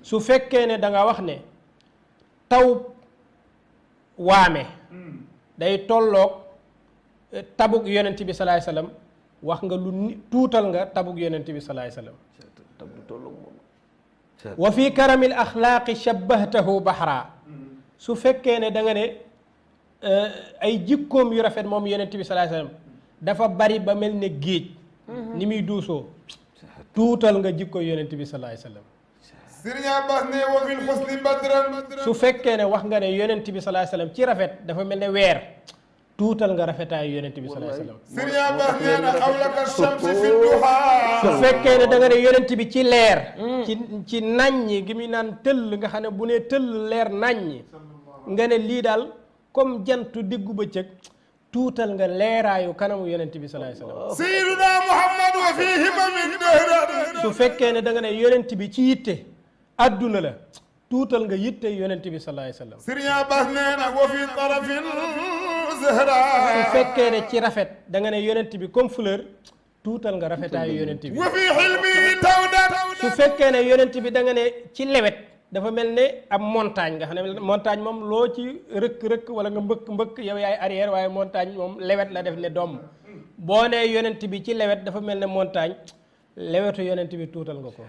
su fekkee ne danga wax ne taw waame hmm. day tolloog eh, tabug yonent bi salaay salaam wax nga lu tuutal nga tabug yonent bi salaay salaam wa fi karamil axlaaqi shabbahtahu baxraa hmm. su fekkee ne danga nga ne eh, ay jikkoom yu rafet moom yonent bi salaay salaam dafa bari ba mel ne géej hmm. ni muy duusoo tuutal nga jikko yonent bi sallallahu alayhi wasallam su fekkee ne wax nga ne yonent bi sallallahu alayhi ci rafet dafa mel ne weer tuutal nga rafetaayu yonent bi sallallahu alayhi wasallam Sëriñ su fekkee ne da ne yonent bi ci leer ci nañ naññi gi muy naan tëll nga xam ne bu ne tëll leer naññi nga ne lii daal comme jant diggu bëccëg tuutal nga leeraayu kanamu yonent bi salaay salaam. sayyiduna Muhammad wa fiihi min su fekkee ne da nga ne yonent bi ci yitte adduna la tuutal nga yitte yonent bi salaay salaam. Sëriñ Abbas nee na wa fi tarafin zahra su fekkee ne ci rafet danga ne yonent bi comme fleur tuutal nga rafetaayu yonent bi. wa fi xilmi tawda su fekkee ne yonent bi da nga ne ci lewet. dafa mel ne ab montagne nga xam ne montagne moom loo ci rëkk-rëkk wala nga mbëkk mbëkk yow yaay arrière waaye montagne moom lewet la def ne doom boo nee yonent bi ci lewet dafa mel ne montagne lewetu yonent bi tuutal nga ko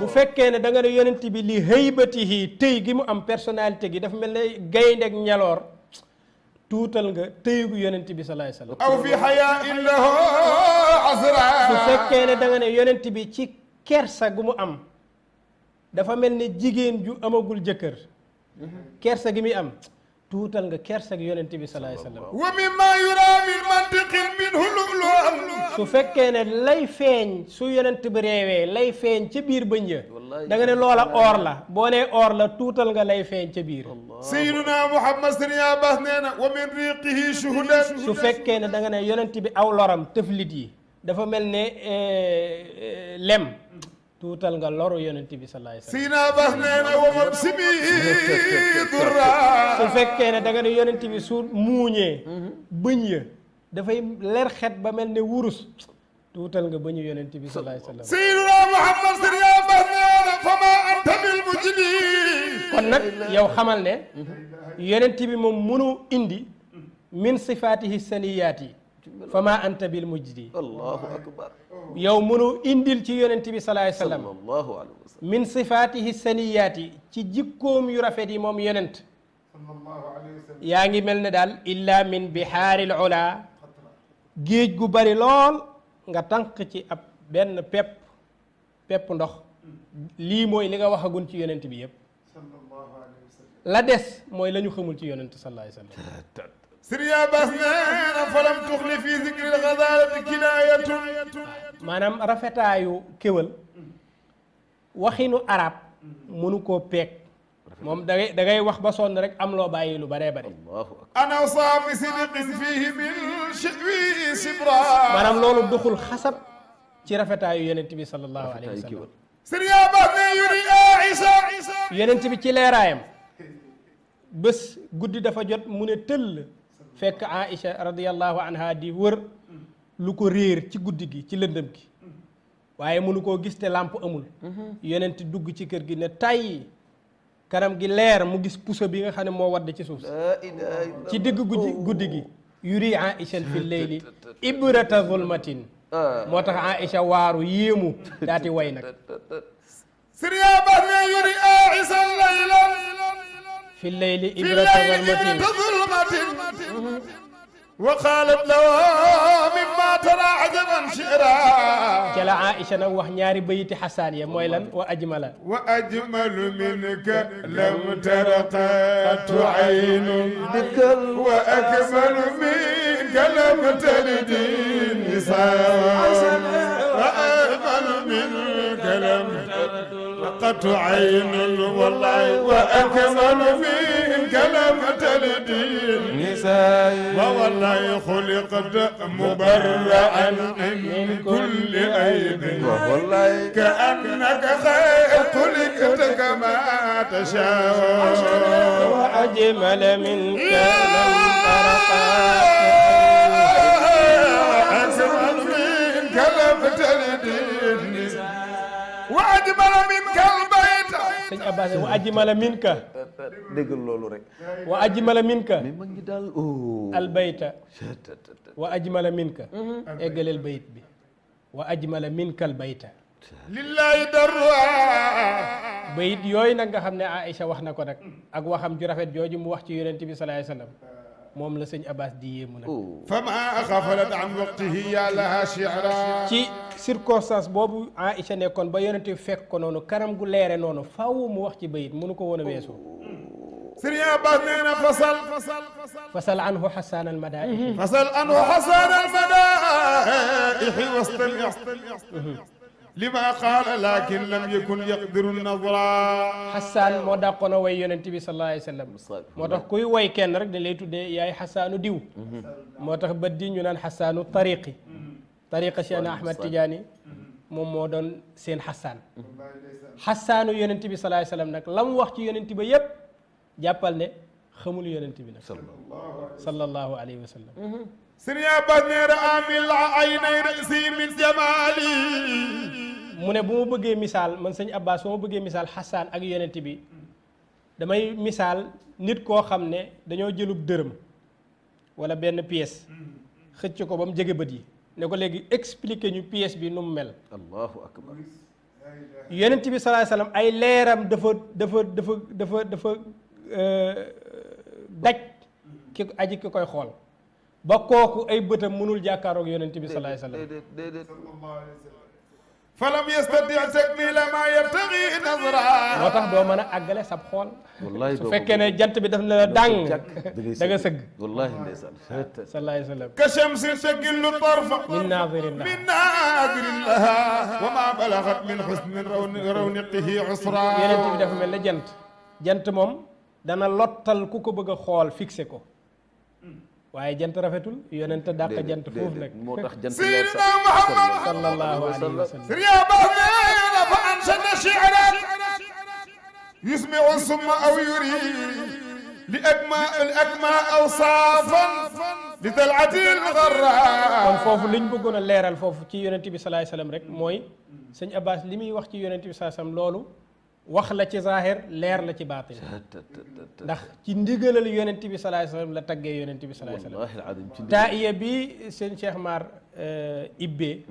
bu fekkee ne danga nga ne yonent bi li haybatihi tëy gi mu am personnalité gi dafa mel ne gaynde ak nga tëyugu yonent bi salaay salaam aw da nga ne bi ci kersa gu mu am dafa mel ne jigéen ju amagul jëkkër kersa gi muy am tuutal nga kersa gi yonent bi salaay salaam wa su fekkee ne lay feeñ su yonent bi reewee lay feeñ ca biir bëñ ya da nga ne loola or la boo nee or la tuutal nga lay feeñ ca biir sayyiduna muhammad sëriñ baax nee na wa min riqihi shuhudan su fekkee ne danga ne yonent bi aw loram tëflit yi dafa mel ne eh, eh, lem tuutal nga loru yonent bi salaay salaam. Sina na wamam si biir dura. su fekkee ne da nga ne yonent bi su muuñee. Mhm. bëñ ya dafay leer xet ba mel ne wurus. tuutal nga bëñu yonent bi salaay salaam. Sina Muhammad Sina Abbas nee na fama antamil mu jibi. kon nag yow xamal ne. Mhm. yonent bi moom mënu indi. min sifaatihi saniyaat yi. فما أنت بالمجدي الله أكبر يوم إندل تيون أنت صلى الله عليه وسلم من صفاته السنيات تجيكم يرفدي موم يننت ياني ملنا دال إلا من بحار العلا جيج قبري لول nga tank ci ab benn pepp pepp ndox lii mooy li nga waxagun ci yonent bi yëpp la des mooy lañu xamul ci yonent sallallahu alayhi wa sallam سريا بسنا فلم تخلي في ذكر الغزالة كناية مانام رفتا يو كيول وخينو عرب منوكو بيك موم داغي داغي واخ با سون رك ام لو بايي لو باري باري انا صافي صدق فيه من شدوي سبرا مانام لولو دخول خصب تي رفتا يو يونتي بي صلى الله عليه وسلم سريا بسنا يوري عيسى يونتي بي تي ليرايم بس غودي دا فا جوت مونيتل fekk Aïcha radiyallahu anha di wër lu ko réer ci guddi gi ci lëndëm gi waaye mënu koo gis te làmp amul yonent dugg ci kër gi ne tay kanam gi leer mu gis puso bi nga xam ne moo wadd ci suuf ci digg guddi gi yuri Aïcha fi leyli ibrata zulmatin ah. moo tax Aïcha waaru yéemu daati way nag sëriñ Abbas ne yuri Aïcha laylan في الليل إبرة ظلمة وقالت له مما ترى عجبا شئرا جل عائشة نوح نياري بيت حسانية مويلا وأجملا وأجمل منك لم تر قط عين وأكمل منك لم تلد نساء وأجمل منك رقة عين والله وأكمل فيه كلمة الدين نسائي ووالله خلقت مبرعا من كل عيب والله كأنك خير خلقت كما تشاء وأجمل من كلام فرقت sëñ Abbas wa ajmala minka loolu rek wa ajmala minka mais mag ñi daal oh. albayta wa ajmala minka mhm. eggaleel bayit bi wa ajmala minka albayta lillahi darwa bayit yooyu nag nga xam ne Aïcha wax na ko nag ak waxam ju rafet jooju mu wax ci yonent bi sallallahu alayhi wa sallam moom la sëñ Abbas di yéemu nag. Fama xafalat am waqtihi yàlla shi'ra ci circonstance boobu Aïcha nekkoon ba yonent bi fekk ko noonu kanam gu leere noonu faaw mu wax ci bayit mënu ko woon a weesu. sëriñ Abbas nee na fasal. fasal anhu xasaan al madaaixi. fasal anhu xasaan al madaaixi لما قال لكن لم يكن يقدر النظرة حسان مودا قنا وي يونتي صلى الله عليه وسلم موتاخ كوي واي كين رك دلي تودي ياي حسان ديو موتاخ بدي ني نان حسان طريقي طريق شيخنا احمد تجاني موم مودون سين حسان حسان يونتي صلى الله عليه وسلم نك لام واخ تي يونتي با ييب جابال ني خمول يونتي بي نك صلى الله عليه وسلم, صلى الله عليه وسلم. sëriñ Abbas nee na amil ay nay si min jamaali mu ne bu ma bëggee misaal man sëñ Abbas bu ma bëggee misaal xasaan ak yonent bi damay misaal nit koo xam ne dañoo jëlub dërëm wala benn pièce xëcc ko ba mu jege bët yi ne ko léegi expliquer ñu pièce bi nu mu mel. allahu akbar yonent bi sallallahu alayhi ay leeram dafa dafa dafa dafa dafa euh, daj ki ki koy xool. بكوكو اي بتم منول جاكارو يونتي بي صلى الله عليه وسلم فلم يستطيع تكميل ما يبتغي نظرا موتاخ دو مانا اغالي ساب خول والله دو فكنا جنت بي دفنا دان داغا سغ والله ندسان صلى الله عليه وسلم كشمس تشكل الطرف من ناظر الله من ناظر الله وما بلغت من حسن رون رونقه عصرا يونتي بي دفنا لا جنت جنت موم دانا لوتال كوكو بغا خول فيكسيكو waaye jant rafetul yonent dàq jant foofu nag moo tax jant Seydina Muhammad sallallahu alayhi wa sallam Sëriñ Abbas nee na fa ansata shi'ran yusmi'u summa aw yuri li akma li akma awsaafan li tal'atil gharra kon foofu liñ bëggoon a leeral foofu ci yonent bi salaay salaam rek mooy sëñ Abbas li muy wax ci yonent bi salaay salaam loolu wax la ci zaahir leer la ci baatin ndax ci ndigalal yonent bi salaay salaam la taggee yonent bi salaay salaam taaiya bi sëñ Cheikh Mar ibbee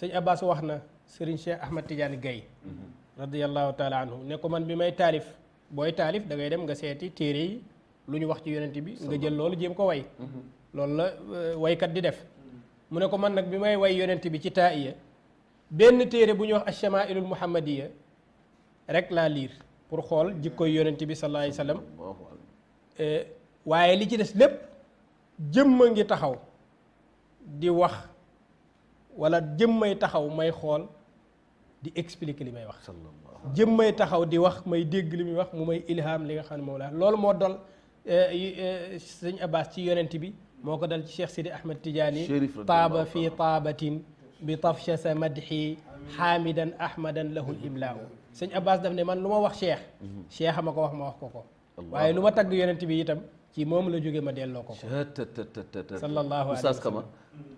sëñ Abbas wax na sëriñ Cheikh Ahmad Tidiane Gaye radiallahu taala anhu ne ko man bi may taalif booy taalif da ngay dem nga seeti téere yi lu ñu wax ci yonent bi nga jël loolu jéem ko way loolu la waykat di def mu ne ko man nag bi may way yonent bi ci taaiya benn téere bu ñuy wax achamailul muhammadiya rek la lire pour xol jikko yonent bi sallallahu alayhi wasallam waye li ci dess lépp jëmm ngi taxaw di wax wala jëmmay taxaw may xool di expliquer li may wax jëmmay taxaw di wax may dégg li muy wax mu may ilham li nga xam ne la loolu moo dal sëñ Abbas ci yonent bi moo dal ci Cheikh Sidi Ahmed Tidiane taaba fi taabatin bi tafshasa madhi xaamidan ahmadan lahu l sëñ Abbas daf ne man lu ma wax Cheikh. Mhm. Cheikh ma ko wax ma wax ko ko. waaye lu ma tagg yonent bi itam ci moom la jóge ma delloo ko ko. sallallahu alayhi wa sallam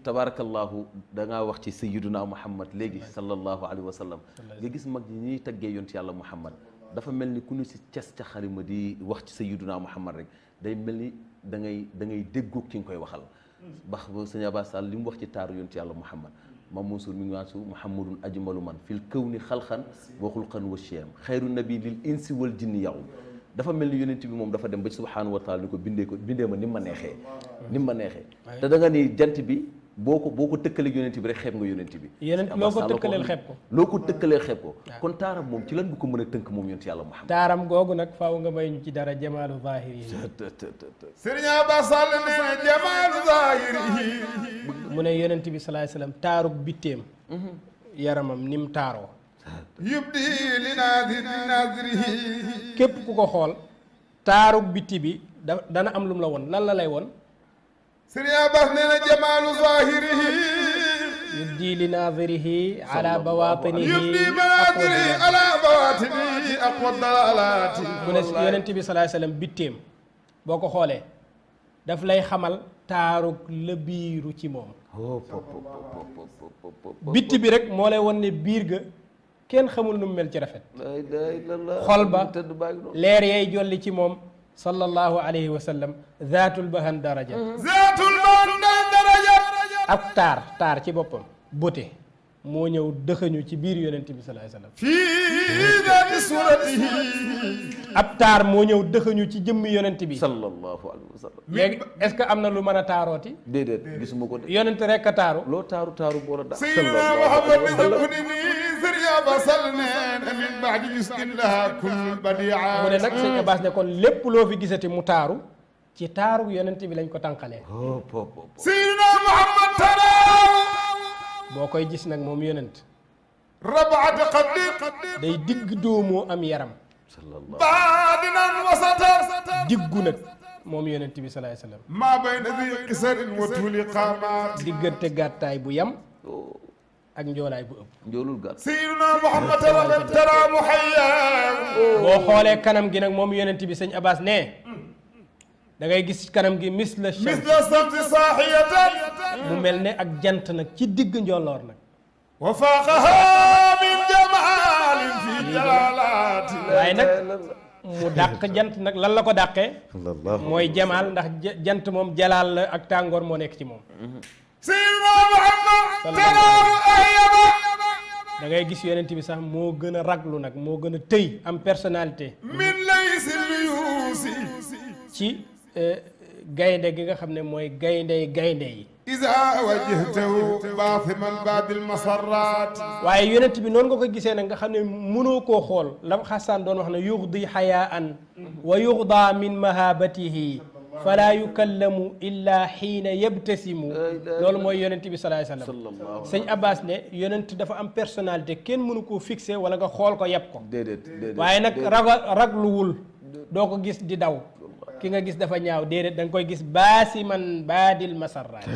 tabarakallahu da ngaa wax ci sayyiduna Muhammad léegi sallallahu alayhi wa sallam. nga gis mag ñi ñuy taggee yonent yàlla Muhammad dafa mel ni ku ñu si ces ca xarima di wax ci sayyiduna Muhammad rek day mel ni da da ngay déggoo ki nga koy waxal. Mm. bax ba sëñ Abbas Sall li mu wax ci taaru yonent yàlla Muhammad مام منصور من واسو محمد أجمل من في الكون خلقا وخلقا وشيم خير النبي للإنس والجن يوم dafa mel ni yonent bi moom dafa dem ba subhanahu wa taala ni ko bindee ko bindee ma ni ma neexee ni ma neexee te da nga ni jant bi boo ko boo ko tëkkaleeg yonent bi rek xeeb nga yonent bi. yonent loo ko tëkkaleel xeeb ko loo ko tëkkaleel xeeb ko. kon taaram moom ci lan bu ko mën a tënk moom yonent yàlla Muhammad. taaram googu nag faaw nga may ñu ci dara jamaalu zahir yi. Serigne Abass Sall mu ne yonent bi salaay salaam taarug bitteem. Mm-hmm. yaramam ni mu taaroo. yubdi li nazri képp ku ko xool. taarug bitti bi da dana am lu la woon lan la lay woon سريا بهننا جمال ظاهره يبدي لناظره على بواطنه يبدي بناظره على بواطنه اقوى الدلالات بنس ينتبه صلى الله عليه وسلم بيتيم بوكو خولي داف لاي خمال تارك لبيرو تي موم بيتي بي رك مولاي وني بيرغ كين خمول نو ميل تي رافيت لا اله الا الله خول با لير ياي جولي تي موم صلى الله عليه وسلم ذات البهن درجة ذات البهن درجة أكتار تار تي بوبم بوتي moo ñëw dëxëñu ci biir yonent bi salaay salaam fii daati ab taar moo ñëw dëxëñu ci jëmm yonent bi sallallahu alayhi wa sallam léegi est-ce que am na lu mën a taarooti déedéet gisuma taaru loo taaru taaru boora daa sayyidina Muhammad ne kon lépp loo fi gisati mu taaru ci taaru yonent bi lañ ko tànqalee boo koy gis nag moom yonent rabaata xaddi day digg doomoo am yaram baadinan wasata diggu nag moom yonent bi salaay salaam maa tuuli qaamaat diggante gàttaay bu yam oh. ak njoolaay bu ëpp njoolul gàtt sayyiduna muhammad tara muhayya boo xoolee kanam gi nag moom yonent bi sëñ Abbas nee dangay ngay gis kanam gi mis la mis la samti saaxiyatan mu mel ni ak jant nag ci digg njolloor nag wa faqaha waaye nag mu dàq jant nag lan la ko dàqee mooy jamaal ndax jant moom jalaal la ak tàngoor moo nekk ci moom sayyidina Muhammad da ngay gis yonent bi sax moo gën a raglu nag moo gën a tëy am personnalité min lay si ci gaynde gi nga xamne moy mooy gaynde yi gaynde yi isa wajjahtahu baathiman al masarat waye yonent bi non nga ko gisee nag nga xamne ne ko xol lam xasaan don wax na yughdi hayaan wa yughda min mahabatihi fala yukallamu illa xiina yabtasimu loolu mooy yonent bi salaay salaam sëñ Abbas ne yonent dafa am personnalité kenn mënu koo fixé wala nga xool ko yeb ko déedéet waaye nag ragal ragluwul doo دوكو غيس دي داو ki nga gis dafa ñaaw déedéet da nga koy gis baasi man baadil masarraat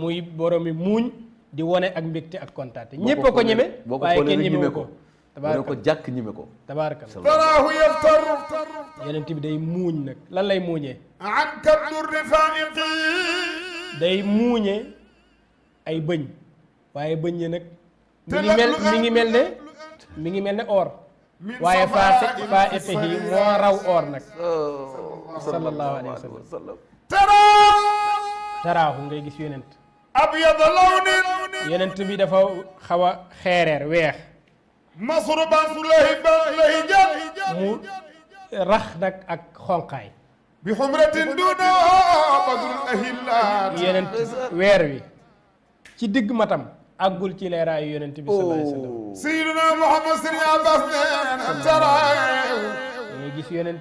muy boromi muuñ di wone ak mbégte ak kontaate ñépp a ko ñeme waaye kenn ñemewu ko tabaaraka ko jàkk ñeme ko tabaaraka taraahu bi day muuñ nag lan lay muuñee an kadurri faiqi day muuñee ay bëñ waaye bëñ yi nag mi ngi mel mi ngi mel ne mi ngi mel ne or waaye faa faa effet yi moo raw oor nag. Oh. sallallahu alayhi wa sallam. ngay gis yonent. abyad lawnin. yonent bi dafa xaw a xeereer weex. masruban lahijan mu rax nag ak xonqaay. bi xumratin duuna badrul ahilla. yonent weer wi ci digg matam. àggul ci leeraayu yonent bi sallallahu alayhi wa sallam oh. sayyidina Muhammad sëriñ Abbas ne taraayu dañuy gis yonent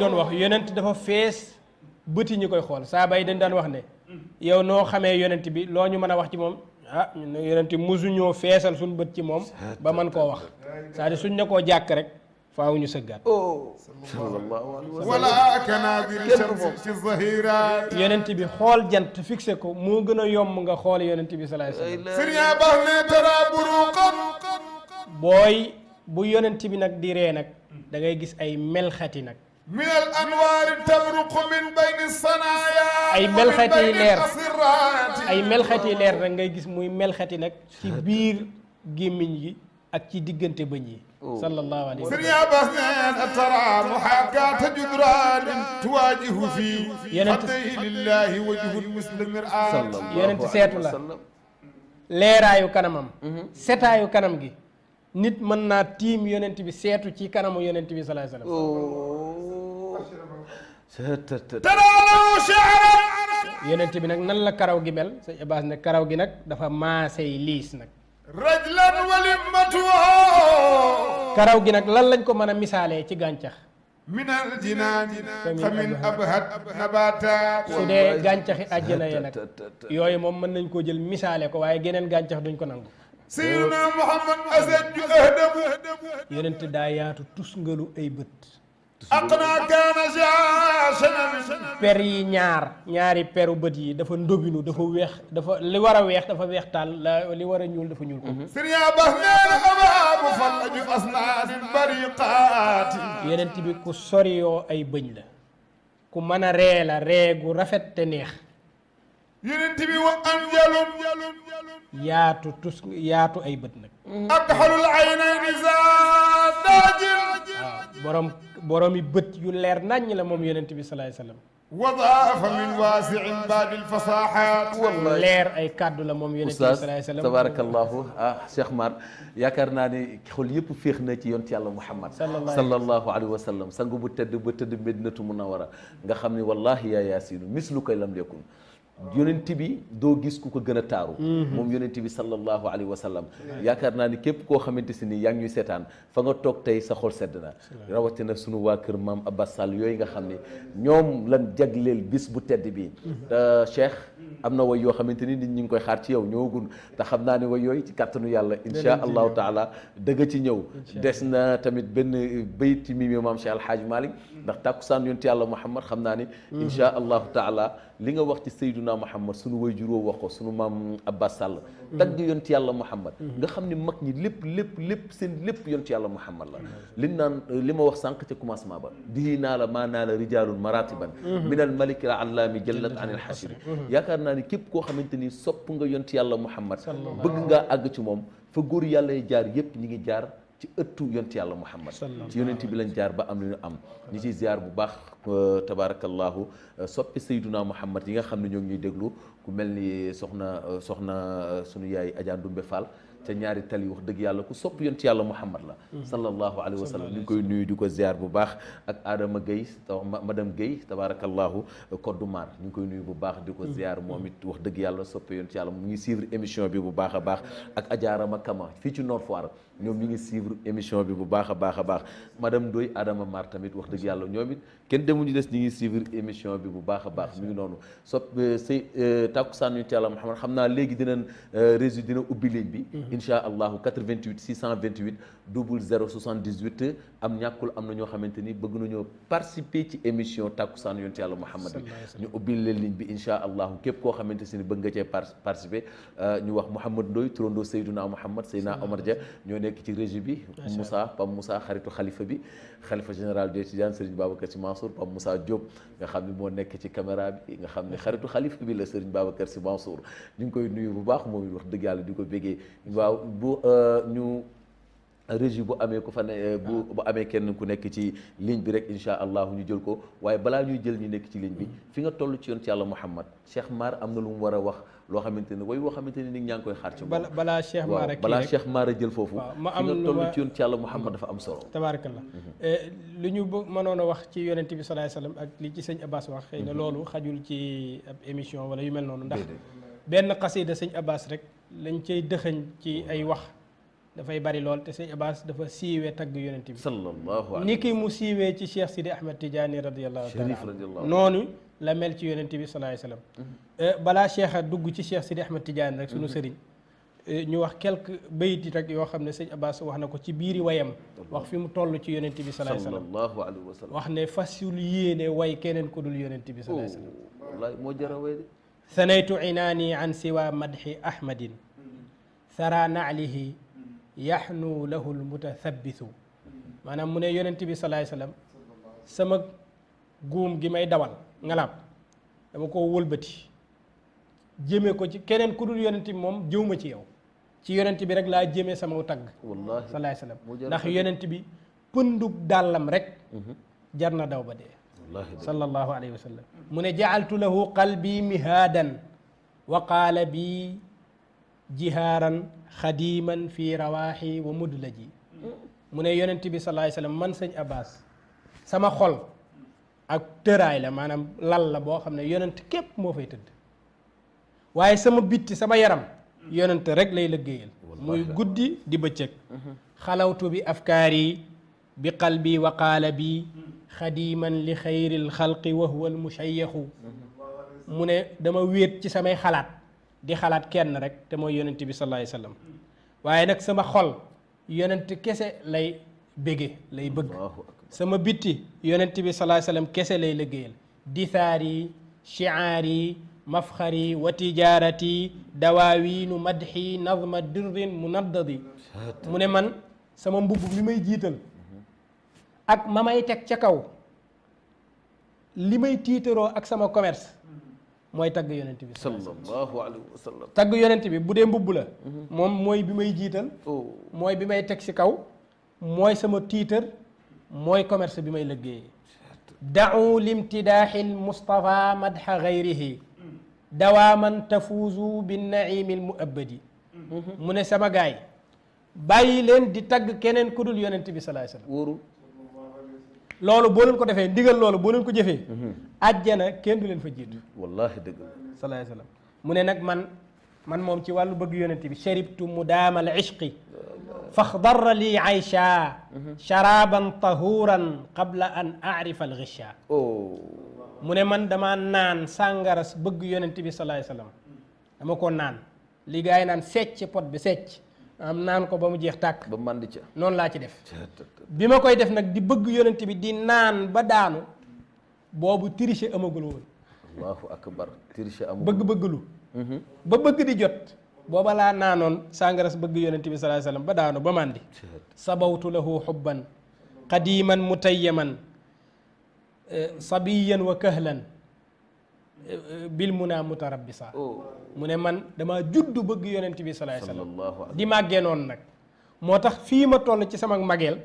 doon wax yonent dafa fees bëti ñu koy xool saaba yi dañ daan wax ne yow noo xamee yonent bi loo ñu mën a wax ci moom ah yonent musuñoo feesal suñ bët ci moom ba mën koo wax cest à suñ ne koo jàkk rek faaw ñu sëggaat. Oh. wala kanaadir shams xool jant fixé ko moo gën a yomb nga xool yonent bi salaay salaam. sëriñ baax nag di ree nag dangay gis ay melxati nag. min anwaari tabruqu min bayni sanaaya ay melxati leer ay leer nag ngay gis muy melxati nag ci biir gémmiñ gi ak ci diggante bëñ yi. sallallahu alayhi wa sallam. sëriñ Abbas neen atara muhaakaata judraanin tuwaajihu fii. yeneen ti xatay lillahi wajhul muslimir aat. seetu la leeraayu kanamam. Mhm. setaayu kanam gi. nit mën naa tiim yonent bi seetu ci kanamu yonent bi salaay salaam. taralaw shara. yonent bi nag nan la karaw gi mel sëñ Abbas ne karaw gi nag dafa maasey liis nag. rajlan walimatuha karaw gi nag lan lañ ko mën a misaalee ci gàncax minal jinaani famin abhat nabata su dee gàncaxi àjjana ya nag yooyu moom mën nañ koo jël misaale ko waaye geneen gàncax duñ ko nangu sayyidina muhammad asad ju ahdamu yonent daa yaatu tus ngalu ay bët ak naa gaana per yi ñaar ñaari peru bët yi dafa ndobinu dafa weex dafa li war a weex dafa weex taal li war a ñuul dafa ñuul ko mhm. sëriñ Bass nee na abaabu fan aju asnaasi bariqaati yenent bi ku sori ay bëñ la ku mën a ree la ree gu rafet te neex yenent bi wa an jalum yaatu tus yaatu ay bët nag أكحل العين عزاء داجل آه، برم برمي بيت يلير نان يلا مم يلا تبي سلام وضعف من واسع باب الفصاحة لير أي كارد ولا مم يلا تبي سلام تبارك الله آه شيخ مار يا كرناني خلي بفيخ نتي يوم تيالله محمد صلى الله عليه وسلم سنجو بتد بتد بدنة منورة غا خمني والله يا ياسين مثلك لم يكن yonent bi doo gis ku ko gën a taaru mhm. moom yonent bi sallallahu alayhi wa sallam yaakaar naa ni képp koo xamante si nii yaa ngi ñuy seetaan fa nga toog tey sa xol sedd na rawatina sunu waa kër maam Abbas Sall yooyu nga xam ne ñoom lan jagleel bis bu tedd bi mhm. euh, Cheikh am na way yoo xamante ni nit ñi ngi koy xaar ci yow ñëwagun te xam naa ne way yooyu ci kàttanu yàlla insha allahu taala dëgg ci ñëw des na tamit benn bayit ci mimi maam Cheikh Alhaaj Malick ndax tàkkusaan yonent yàlla Muhammad xam naa ni mhm. insha allahu taala li nga wax ci Seydina Muhammad sunu way juróo wax ko sunu maam Abbas Sall tagg yonti yàlla Muhammad nga xam ne mag ñi lépp lépp lépp seen lépp yonti yàlla Muhammad la li naan li ma wax sànq ca commencement ba dihi naa la maa naa la rijalun maratiban min al malik al allaami jallat an il hasiri yaakaar naa ni képp koo xamante ni sopp nga yonti yàlla Muhammad bëgg ngaa àgg ci moom fa góor yàlla yi jaar yépp ñi ngi jaar ci ëttu yont yàlla muhammad ci yonent bi lañ jaar ba am lu ñu am ñu ci ziar bu baax euh, tabarakallahu euh, soppi sayduna muhammad yi nga xam ne ñoo ngi ñuy déglu ku mel ni soxna euh, soxna sunu yaay Adja Ndumbe Fall ca ñaari tali wax dëgg yàlla ku sopp yont yàlla muhammad la mm-hmm. sallallahu alayhi wa sallam ñu ngi koy nuyu di ko ziar bu baax ak Adama Guèye madame Guèye tabarakallahu Kodumar ñu ngi koy nuyu bu baax di ko mm-hmm. ziar moom it wax dëgg yàlla sopp yont yàlla mu ngi suivre émission bi bu baax a baax ak Adja Rama fii ci Nord Foire ñoom ñu ngi suivre émission bi bu baax a baax a baax madame Ndoye Adama Mar tamit wax dëgg yàlla ñoom it kenn demu ñu des ñu ngi suivre émission bi bu baax a baax mi ngi noonu sop euh, say euh, tàkkusaan yonent yàlla Muhammad xam naa léegi dinañ euh, réseau dina ubbi ligne bi mm-hmm. insha allahu 88 628 00 78 am ñàkkul am na ñoo xamante ni bëgg nañoo participer ci émission tàkkusaan yonent yàlla Muhammad bi ñu ubbi leen ligne bi insha allahu képp koo xamante si bëgg nga cee participer ñu wax Mouhamad Ndoye turandoo Seydouna Mouhamad Seydina Omar Dia nekk ci régie bi Moussa Pam Moussa xaritu xalifa bi xalifa général des Tidianes Serigne Babacar Sy Mansour Pam Moussa Diop nga xam ne moo nekk ci caméra bi nga xam ne xaritu xalifa bi la Serigne Babacar Sy Mansour ñu ngi koy nuyu bu baax moom wax dëgg yàlla di ko bégee waaw bu ñu régie bu amee ku fa ne bu bu amee kenn ku nekk ci ligne bi rek incha allah ñu jël ko waaye balaa ñuy jël ñu nekk ci ligne bi fi nga toll ci yoon ci yàlla Muhammad Cheikh Mar am lu mu war wax loo xamante ne way woo xamante ne ni ñaa ngi koy xaar ci moom balaa Cheikh Mara kii balaa Cheikh Mara jël foofu ma am nga toll ci yoon ci yàlla Muhammad dafa am solo tabarakallah mhm. eh, lu ñu mënoon a wax ci yonent bi sallallahu alayhi wasallam ak li ci sëñ Abbas wax xëy na mhm. loolu xajul ci ab émission wala yu mel noonu ndax benn xasida sëñ Abbas rek lañ cay dëxëñ ci ay wax dafay bari lool te sëñ Abbas dafa siiwee tagg yonent bi sallallahu alayhi ni ki mu siiwee ci Cheikh Sidi Ahmed Tidiane radiyallahu taala noonu la mel ci yonent bi salaay salaam. balaa cheikh a dugg ci cheikh Sidi Ahmed Tidiane rek sunu serigne euh ñu wax quelques bayit rek yo xamne ne Abbas wax nako ci biiri wayam wax fi mu tollu ci yonentibi bi salaay salaam sallallahu alayhi wasallam wax ne fasul yene way kenen ko dul yonentibi sallallahu alayhi wasallam wallahi mo jara way de. sanaytu inaani an siwa madhi ahmadin thara na'lihi yahnu lahu lmutathabitu manam mu ne yonent bi salaay salaam sama goum gi may dawal ngelaw dama koo wëlbati jëme ko ci keneen ku dul yonent bi moom jëw ma ci yow ci yonent bi rek laa jëmee sama tagg wallaahi salaay salaam ndax yonent bi pëndug dàllam rek mhm. jar na daw ba dee sallallahu alayhi wa sallam mu ne jaaltu lahu qalbi mihaadan wa qaala bi jihaaran xadiman fi rawaaxi wa mudlaji mm. mu ne yonent bi salaay salaam man sëñ Abbas sama xol ak tëraay la maanaam lal la boo xam ne yonent képp moo fay tëdd waaye sama bitti sama yaram yonent rek lay liggéeyal muy guddi di bëccëg xalawtu bi afkaari bi qalbi wa qaala bi xadiman li xayri alxalqi wa huwa almushayaxu mu ne dama wéet ci samay xalaat di xalaat kenn rek te mooy yonent bi sallallahu alayhi wasallam waaye nag sama xol yonent kese lay bége lay bëgg sama bitti yonent bi salaa sallam kese lay liggéeyal dithaari shiaari mafxari wa tijaarati dawaawiinu madxi nazma dirrin munaddadi mu ne man sama mbubb mi may jiital ak ma may teg ca kaw li may tiitaroo ak sama commerce mooy tagg yonent bi sallallahu alayhi wa sallam tagg yonent bi bu dee mbubb la moom mooy bi may jiital mooy bi may teg ci kaw mooy sama tiitar موي كوميرس بي ماي لغي دعوا لامتداح المصطفى مدح غيره دواما تفوزوا بالنعيم المؤبد من سما جاي باي لين دي تاغ كينن كودول يونتي بي صلى الله عليه وسلم وورو لولو بولن كو ديفه ديغال لولو بولن كو ديفه اجينا كين دولن فا جيتو والله دغ صلى الله عليه وسلم من نك مان man moom ci wàllu bëgg yonent bi sharibtu mudaama al ishqi faxdara li aysha sharaban tahuran qabla an arifa al ghisha mu ne man dama naan sàngara bëgg yonent bi salaay salaam dama ko naan li gars yi naan secc pot bi secc am naan ko ba mu jeex tàkk ba mànd ca noonu laa ci def bi ma koy def nag di bëgg yonent bi di naan ba daanu boobu triche amagul woon allahu akbar triche amagul bëgg-bëgg lu Mhm. ba bëgg di jot booba laa nanon sangaras bëgg yonente bi sallallahu alayhi wasallam ba daanu ba mandi sabawtu lahu hubban qadiman mutayyaman e, sabiyan wa kahlan e, e, bil muna mutarabbisa oh. mune man dama juddu bëgg yonent bi sallallahu alayhi wasallam di magge non nak motax fi ma toll ci sama magel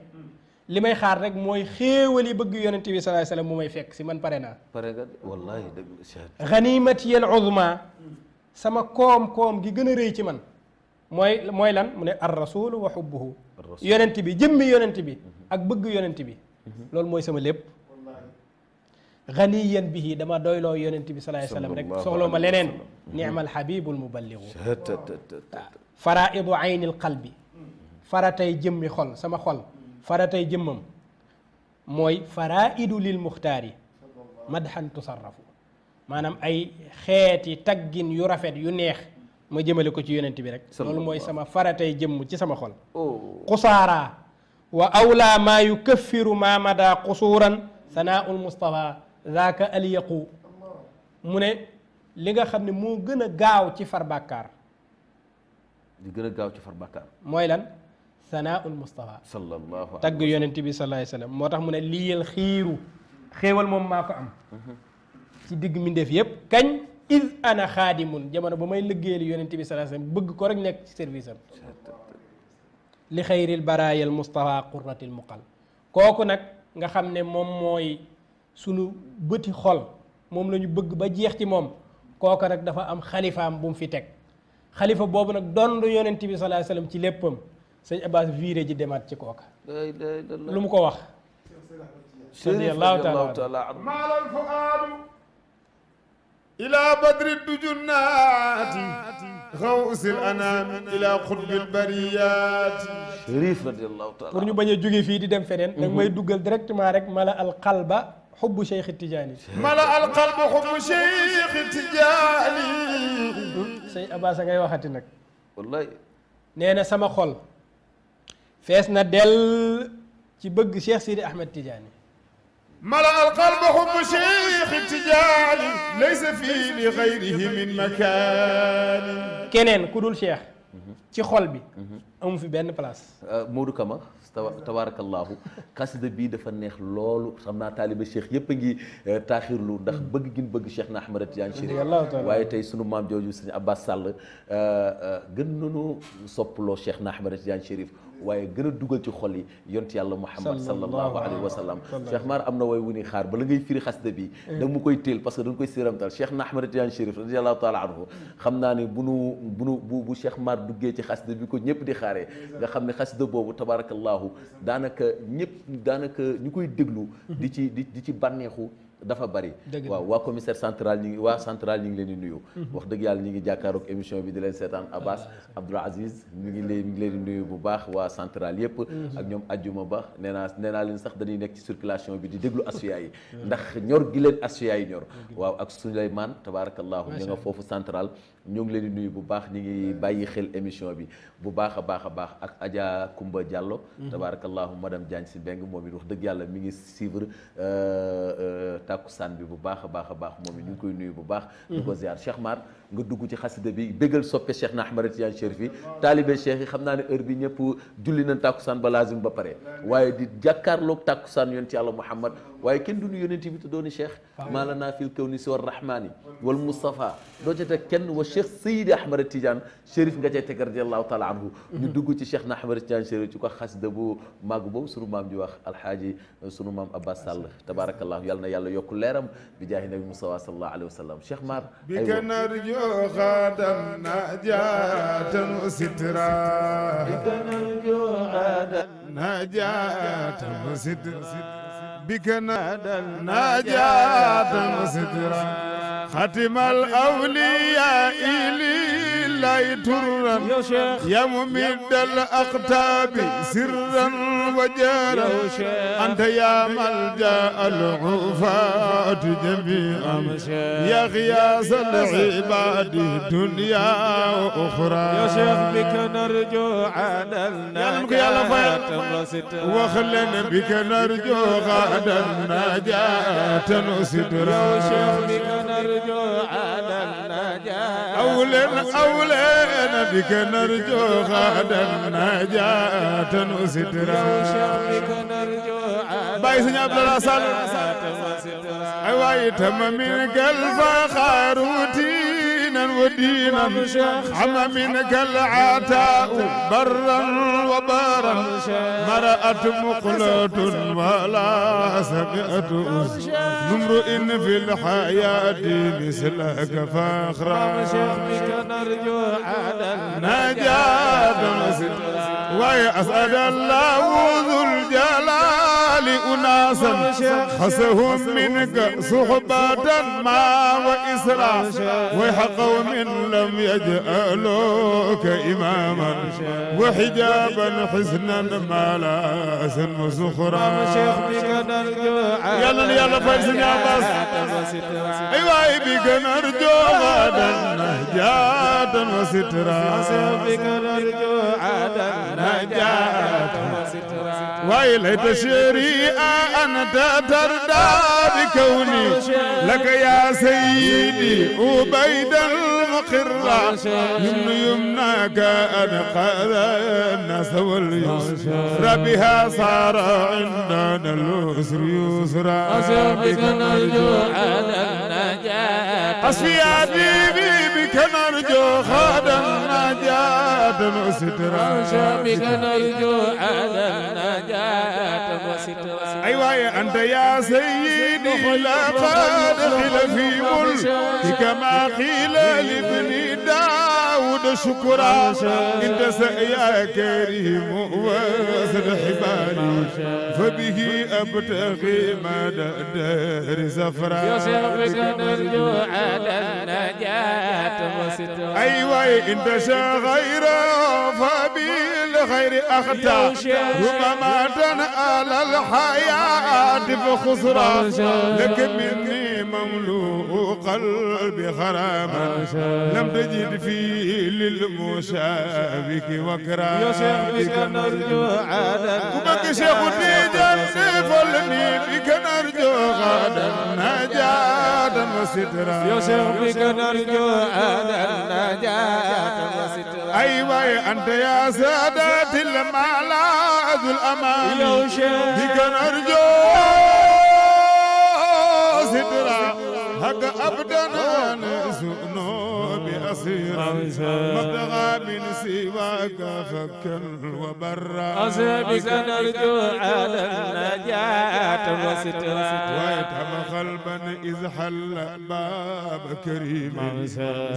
limay xaar rek moy xewali bëgg yonnati bi sallallahu alayhi wasallam mu may si man parena pare nga ghanimati al uzma sama koom-koom gi gën a rëy ci man mooy mooy lan mu ne ar rasulu wa xubbuhu yonent bi jëmmi yonent bi ak bëgg yonent bi loolu mooy sama lépp ganiyan bihi dama doyloo yonent bi salaay salaam rek soxloo ma leneen nimal xabibul muballigu faraidu aynil qalbi faratay jëmmi xol sama xol faratay jëmmam mooy faraidu lil muxtaari madxan tusarrafu manam ay xeeti taggin yu rafet yu neex ma jëmele ko ci yonent bi rek loolu mooy sama faratay jëm ci sama xol qusara wa awla ma yukaffiru ma mada qusuran sanaul mustafa zaaka alyaqu mu ne li nga xam ne moo gën a gaaw ci far bakkar li gën a gaaw ci far bakkar mooy lan sanaul mustafa sallallahu tagg yonent bi sallallahu alayhi wasallam sallam moo tax mu ne liyal xiiru xéewal moom maa ko am ci digg mbindeef yépp kañ iz ana xaadimun jamono ba may liggéeyal yonent bi sallallahu alayhi bëgg ko rek nekk ci service am li xayril baraayal mustafa qurratil muqal kooku nag nga xam ne moom mooy sunu bëti xol moom la ñu bëgg ba jeex ci moom kooka nag dafa am xalifaam bu mu fi teg xalifa boobu nag dond yonent bi sallallahu alayhi ci léppam sëñ Abbas viré ji demaat ci kooka lu mu ko wax radiyallahu إلى بدر الدجنات غوث الأنام إلى قطب البريات شريف رضي pour ñu bañ a jóge fii di dem feneen danga may duggal directement rek mala alqalba xubbu Cheikh Tidiane mala alqalba xubbu Cheikh Tidiane sëñ Abbas a ngay waxati nag wallaay na sama xol fees na dell ci bëgg Cheikh Sidi Ahmed Tidiane ملأ القلب حب شيخ التجاني ليس في لغيره من مكان كنين كدول شيخ تي خولبي ام في بن بلاص أه، مودو كما تبارك الله قصد بي دا فنيخ لولو خمنا طالب الشيخ ييبغي أه، تاخير لو داخ بغ جين بغ شيخنا احمد تيان شيري واي تاي سونو مام جوجو سيني عباس سال ا أه، گن نونو شيخنا احمد تيان شريف waaye gën a dugal ci xol yi yont yàlla muhammad sallallahu alayhi wa sallam Cheikh Mar am na way wu ni xaar bala ngay firi xasida bi da mu koy téel parce que dañ koy siramtal Cheikh na Ahmad Tidiane Chérif radiallahu taala anhu xam naa ne bu nu bu nu bu bu Cheikh Mar duggee ci xasida bi ko ñëpp di xaaree nga xam ne xasida boobu tabarakallahu ñëpp daanaka ñu déglu di ci di ci bànneexu dafa bari waaw waa commissaire central ñu ngi waa central ñu ngi leen di nuyu wax dëgg yàlla ñu ngi jàkkaarook émission bi di leen seetaan Abbas Abdoul Aziz ñu ngi leen ñu ngi leen di nuyu bu baax waa central yëpp mhm. ak ñoom ajjuma ba nee naa nee naa leen sax dañuy nekk ci circulation bi di déglu asfiya yi ndax ñor gi leen asfiya yi ñor waaw ak Souleymane tabarakallahu ñu nga foofu central ñoo ngi leen di nuyu bu baax ñi ngi bàyyi xel émission bi bu baax a baax a baax ak Adja Kumba Diallo. Mhm. tabaarakallaahu madame jaan si Mbeng moom it wax dëgg yàlla mu ngi suivre euh, euh, takkusaan bi bu baax a baax a baax moom it ñu ngi koy nuyu bu baax. di ko mhm. ziar Cheikh Mar nga dugg ci xasida bi bégal soppe Cheikh na Ahmad Tijaan Chérif yi taalibe Cheikh yi xam naa ne heure bi ñëpp julli nañ takkusaan ba laazim ba pare waaye di jàkkaarloog takkusaan yonent yàlla Muhammad waaye kenn du ñu yonent bi te dooni Cheikh. maa lanaa fil kawni siwa rahmaani wal Mustafa doo cheikh Seydi Ahmad Tidiane Chérif nga cay teg radiallahu taala anhu ñu dugg ci cheikh na Ahmad Tidiane Chérif ci ko xasida bu màgg boobu sunu maam ji wax alxaaji sunu maam Abbas Sall tabarakallahu yàlla na yàlla yokku leeram bi jaahi nabi Mustafa sallallahu alayhi wa sallam cheikh Mar bi kanarjo xaadan najaatan sitra bi kanarjo xaadan najaatan sitra بك نادى النجاة مسترا خاتم الأولياء لله ترا يا ممد الأقتاب سرا وجارا أنت يا ملجأ العفاة جميعا يا غياس العباد دنيا وأخرى يا شيخ بك نرجو على عدلنا وخلنا بك نرجو غدا نجاة وسترا يا شيخ بك نرجو عدلنا أولين أولين بك نرجو غدا نجاة وسترا باي سني عبد الله صالح أيوا يتم منك الفخر وتي دينا ودينا عم منك العتاء برا وبارا مرأت مقلة ولا سمعت نمر إن في الحياة مثلك فاخرا بك نرجو على النجاة ويسأل الله ذو الجلال أناسا خسهم منك صحبة ما وإسرا من لم يجعلوك إماما وحجابا حسنا ما لا سن وسخرا يلا يلا فايزن يا عباس ايوا بك نرجو غدا نهجاة وسترا أيوة، بك نرجو غدا نهجاة وسترا ويلي تشريئة أنت ترداد لكوني لك يا سيدي وبيد المقرة من يمناك أنا قال الناس واليسر ربها صار عندنا الأسر يسرا بنا نرجو على النجاة حسبي يا بيبي بك نرجو خادم النجاة وسترا بك نرجو على النجاة وسترا واي أنت يا سيدي لقد قيل في ملكك ما قيل لابن داود شكرا أنت يا كريم واسد حبالي فبه أبتغي ما دار زفرا يصبك نرجو على النجاة وستر أيوة أنت شغير غير أختا ومماتا على الحياة بخسرة لك مني مملوء قلبي غراما لم تجد فيه للمشابك شيخ نرجو عادا وبك شيخ الدجال فلمي بك نرجو غدا نجاة وسترا يا شيخ بك نرجو عادا نجاة وسترا أيوة أنت يا سادة الملاذ الأمان بك نرجو سترة حق أبدنا نسؤنا بصيرا مبلغا من سواك فكا وبرا أصحابك نرجو على النجاة وسترا ويتم قلبا إذ حل باب كريم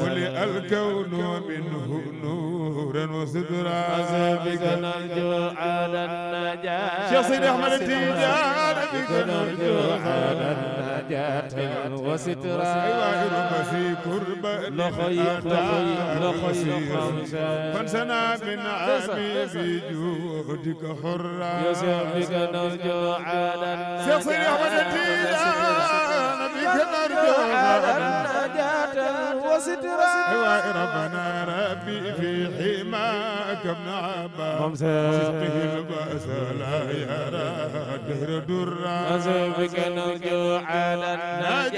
ولي الكون منه نورا وسترا أصحابك نرجو على النجاة يا سيدي أحمد التيجان نرجو على النجاة وسترا أيوة في كربة لخير من سنا بنعمي بجودك حرا يسبك نرجو على النجاة سيصير أحمد الدين نبيك نرجو على النجاة وسترا ربي في حماك ابن عباس صدقه لا يرى الدهر درا سيصير أحمد الدين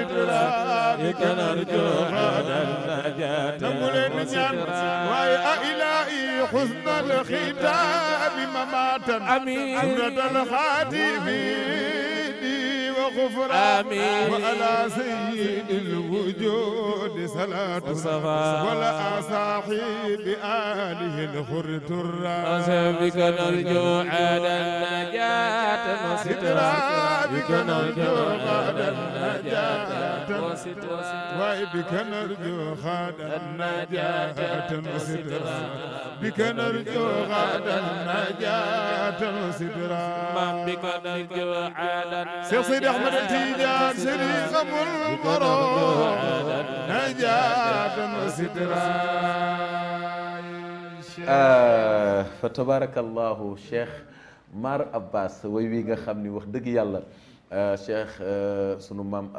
نبيك نرجو حسن الختام مماتا أمين أمرة الخاتم وغفران آمين وعلى سيد الوجود صلاة ولا صاحب آله الخر ترى بك نرجو على النجاة وسترى بك نرجو على النجاة وسترى بك نرجو على النجاة وسترى بك نرجو على النجاة وسترى بك نرجو على النجاة سري آه، فتبارك الله شيخ مار عباس way wi nga xam ni Euh, cheikh euh, sunu maam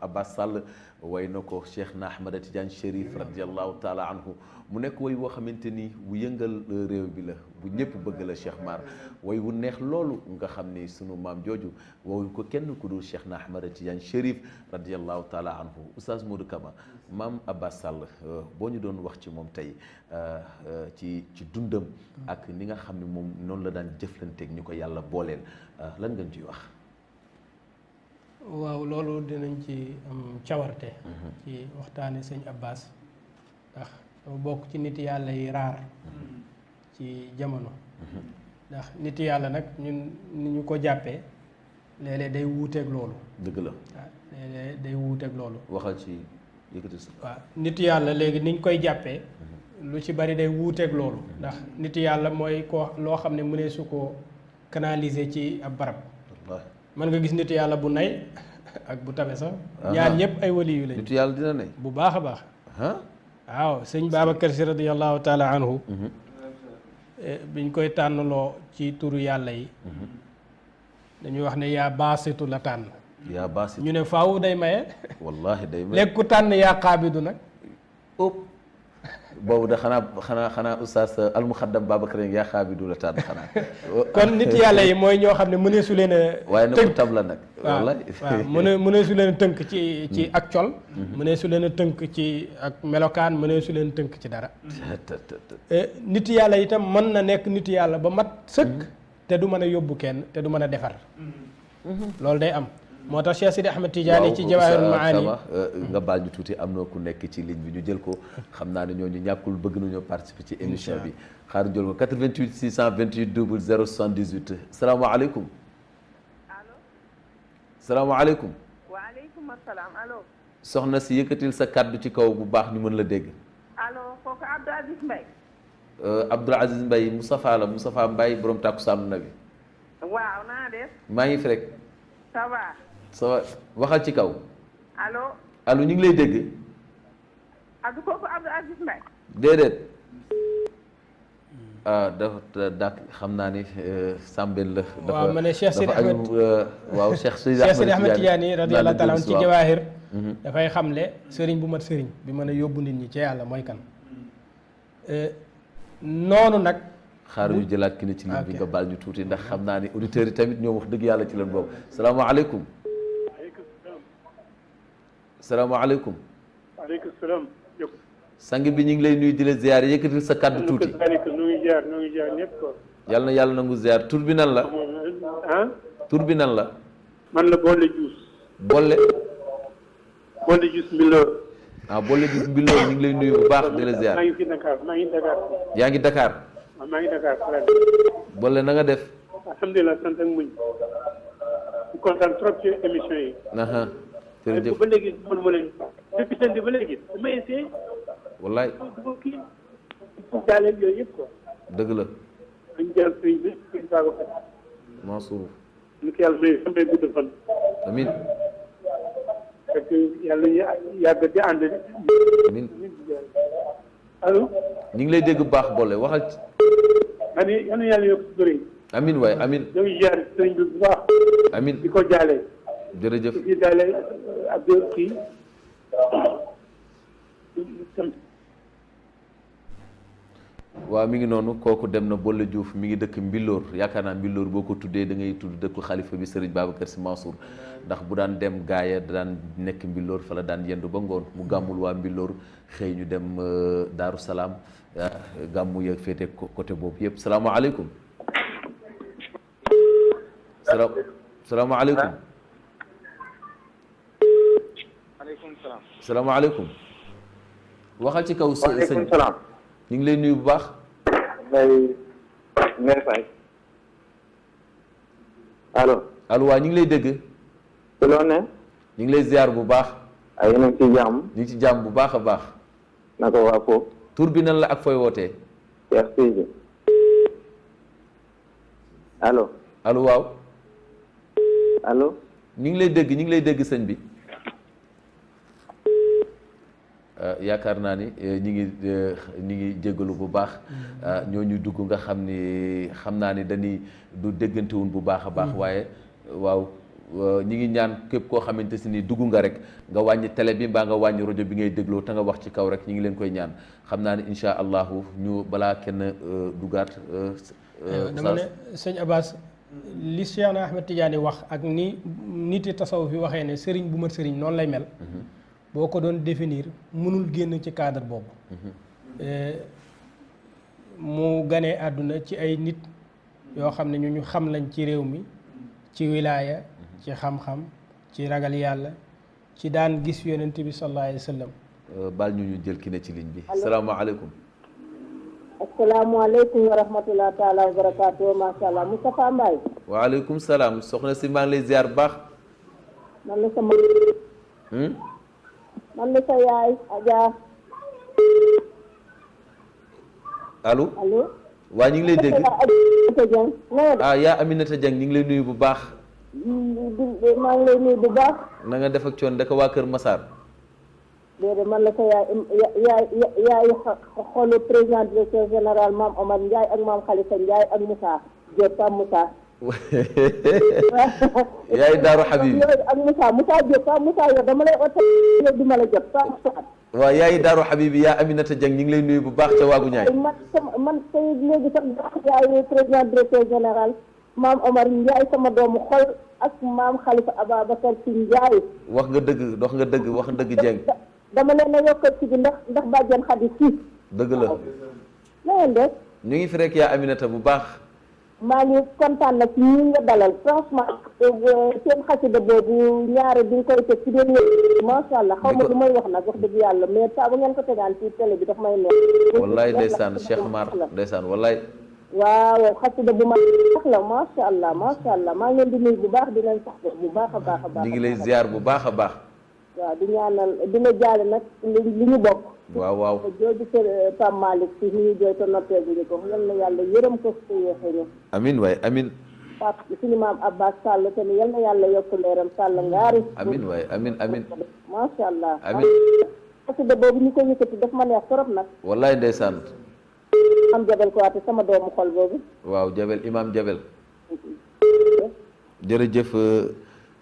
Abbas Sall way na ko cheikh na Ahmada Tidiane Chérif radiallahu taala anhu mu nekk way woo xamante ni bu yëngal euh, réew bi la bu ñëpp bëgg la cheikh Mar way wu neex loolu nga xam ni sunu maam jooju woowuñ ko kenn ku dul cheikh na Ahmada Tidiane Chérif radiallahu taala anhu oustaz Modou Kama maam Abbas Sall boo ñu doon wax ci moom tey ci ci dundam ak ni nga xam ne moom noonu la daan jëflanteeg ñu ko yàlla booleel lan ngeen ciy wax waaw loolu dinañ ci am cawarte mm-hmm. ci waxtaane sëñ Abbas ndax dafa bokk ci nit yàlla yi raar mm-hmm. ci jamono mm-hmm. ndax nit yàlla nag ñun ni ñu ko jàppee léeg day wuuteeg loolu dëgg la waaw day wuuteeg loolu waxal ci yëkkati waaw nit yàlla léegi niñ koy jàppee lu ci bari day wuuteeg loolu ndax nit yàlla mooy ko loo xam ne mu ne su ko canaliser ci ab barab mën nga gis nitu yàlla bu nay ak bu tabe sax ñaar ñëpp ay wali yu lañ yàlla dina nay bu baax a baax waaw sëñ Babacar Si radiallahu taala anhu mhm. eh, biñ koy tànnloo ci turu yàlla yi mhm. dañuy wax ne yaa baasitu la tànn yaa baasitu ñu ne faaw day maye wallaahi day tànn yaa xaabidu nag boobu de xanaa xanaa xanaa oustaz euh, almuxaddam Babacar yaa xaabi du la tànn xanaa. kon nit yàlla yi mooy ñoo xam ne mëneesu leen waaye nag ku la nag. wala waaw mëne mëneesu leen tënk ci ci hmm. ak col. Hmm. mëneesu leen a tënk ci ak melokaan mëneesu leen tënk ci dara. Hmm. Eh, nit yàlla itam mën na nekk nit yàlla ba mat sëkk. te du mën a yóbbu kenn te du mën a defar. loolu day am. moo tax Cheikh Sidi Ahmed Tidiane ci Jawahirul Maani nga baal ñu tuuti am noo ku nekk ci ligne bi ñu jël ko xam naa ne ñooñu ñàkkul bëgg nañoo participer ci émission bi xaar jël ko 88 628 salaamaaleykum. allo. salaamaaleykum. waaleykum salaam allo. soxna si yëkkatil sa kàddu ci kaw bu baax ñu mën la dégg. allo kooku Abdou Aziz Mbaye. Abdou Aziz Mbaye Moustapha la Moustapha Mbaye borom tàkku sàmm na bi. waaw naa def. maa ngi fi rek. ça va. sa waxal ci kaw. allo allo ñu ngi lay dégg. ah du kooku Abdou Aziz Mbaye. déedéet. ah dafa dak xam naa ni Sambel la. dafa waaw ma ne Cheikh Sidi Ahmed waaw Cheikh Sidi Ahmed Tidiane radiyallahu taala ci jawaahir dafay xamle sëriñ bu mat sëriñ bi mën a yóbbu nit ñi ci yàlla mooy kan. noonu nag. xaaral ñu jëlaat ki ne ci ligne bi nga baal ñu tuuti ndax xam naa ni auditeurs yi tamit ñoom wax dëgg yàlla ci leen boobu salaamaaleykum. salaamaaleykum. waaleykum salaam. sang bi ñu ngi lay nuyu di la ziar yëkkati sa kàddu tuuti. nu ñëpp ko. yàlla na yàlla nangu ziar tur bi nan la. ah. bi nan la. man la Bolle Diouf. Bolle. Bolle Diouf Mbilor. ah Bolle Diouf ñu ngi lay nuyu bu baax di la ziar. maa yaa ah, ngi Dakar. maa ngi def. alhamdulilah sant ak muñ. jërëjëf ba léegi mënuma ba léegi ma dëgg la. duñ jël prix bi duñ saago fa. Mansour. ko yàlla may xam ne gudd yàlla yàgg di ànd. amiin. allo. ñu ngi lay dégg baax boole waxal ci. ma ne yàlla bi ko jaalee. jërëjëf di daale waaw mi ngi noonu kooku dem na Bolle Diouf mi ngi dëkk Mbilor yaakaar naa Mbilor boo ko tuddee da ngay tudd dëkku xalifa bi Serigne Babacar Sy Mansour ndax bu daan dem gaaya daan nekk Mbilor fa la daan yendu ba ngoon mu gàmmul waa Mbilor xëy ñu dem euh, Daaru Salaam ah, gàmmu yeeg féete côté boobu yëpp salaamaaleykum. salaamaaleykum. salaamaaleykum. waxal ci kaw. së sëñ ñu ngi lay nuyu bu baax. Mère Faye. allo. allo waa ñu ngi lay dégg. te loo ñu ngi lay ziar bu baax. ay yéen ngi ci jàmm. ñu ngi ci jàmm bu baax a baax. naka waa foofu. tur bi nan la ak fooy wootee. alo alo allo waaw. ñu ngi lay dégg ñu ngi lay dégg sëñ bi. Euh, yaakaar naa ni euh, ñi ngi euh, ñi ngi jéggalu bu baax mm-hmm. ñooñu dugg nga xam ni xam naa ni dañuy du déggantewun bu baax a baax mm-hmm. waaye waaw ñi ngi ñaan képp koo xamante si ni dugg nga rek nga wàññ tele bi mbaa nga wàññi rajo bi ngay dégloo te nga wax ci kaw rek ñi ngi leen koy ñaan xam naa ni insha allahu ñu balaa kenn duggaat dama ne sëñ Abbas li Cheikh na Ahmed wax ak ni niti tasawuf fi waxee ne sëriñ bu mat sëriñ noonu lay mel mm-hmm. boo ko doon définir mënul génn ci cadre boobu mm-hmm. eh, mu ganee àdduna ci ay nit yoo xam ne ñu ñu xam lañ ci réew mi ci wilaaya mm-hmm. ci xam-xam ci ragal yàlla ci daan gis yonent bi sallallahu alayhi wa sallam euh, baal ñu ñu jël ki ci ligne bi salaamaaleykum asalaamaaleykum wa salaam soxna si maa ngi lay ziar baax man la man la sa yaay Adja. allo allo. waaw ñu ngi lay dégg ah yaa Aminata Dieng ñu ngi lay nuyu bu baax. Mm, maa ngi lay nuyu bu baax. na def ak coon daka waa Kër Massar. déedéet man la sa yaay yaay yaay xoolu président directeur général maam Omar Ndiaye ak maam Khalifa Ndiaye ak Moussa Diop Pape Moussa. yaay daaru Habib ak Moussa Moussa Diop Pape Moussa yow ma la jot Pape Moussa. waaw yaay yaa Aminata Dieng ñu ngi lay nuyu bu baax ca waagu ñaay. man sama man tey léegi sax yaay président directeur général maam Omar Ndiaye sama doomu xol ak maam Khalifa Ababacar Sy Ndiaye. wax nga dëgg dox nga dëgg wax dëgg Dieng. dama leen a yokkal ci bi ndax ndax bàjjen Xadi dëgg la. na ngeen def. ñu ngi fi rek yaa Aminata bu baax. maa ngi kontaan nag ñi nga dalal franchement euh, seen xasida boobu ñaare bi nga koy teg ci biir yëpp macha allah xaw ma lu may wax nag wax dëgg yàlla mais saa bu ngeen ko tegaan ci télé bi daf may neex wallaay ndeysaan Cheikh Mar ndeysaan wallaay waaw xasida bu ma sax la macha allah macha allah maa ngi leen di nuyu bu baax di leen sax bu baax a baax a baax ñu ngi bu baax a baax waaw di ñaanal di la jaale nag li ñu bokk waaw waaw jooju kër eh, Pape Malick si ñuy jooy te noppeeguñu ko yal na yàlla yërëm ko su yeexee ñu amin waay amin Pape suñu maam Abbas te ni ko yëkkati daf ma am jabel eh,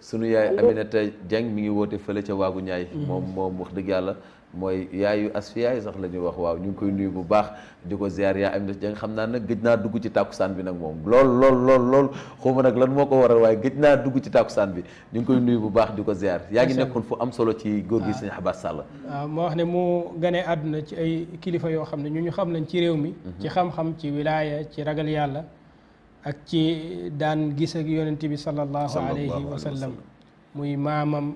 sunu yaay Aminata Dieng mi ngi woote fële ca waagu ñaay moom moom wax dëgg yàlla mooy yaayu asfiyaay sax la ñuy wax waaw ñu ngi koy nuyu bu baax di ko ziar yaa am na xam naa nag gëj naa dugg ci tàkkusaan bi nag moom lool lool lool lool xawma nag lan moo ko waral waaye gëj naa dugg ci tàkkusaan bi ñu ngi koy nuyu bu baax di ko ziar yaa ngi nekkoon fu am solo ci góor gi ah. Serigne Abass Sall waaw ah, moo wax ne mu ganee àdduna ci ay kilifa yoo xam ne ñu ñu xam lañ ci réew mi mhm. ci xam-xam ci wilaaya ci ragal yàlla ak ci daan gis ak yonent bi sallallahu alayhi wa sallam muy maamam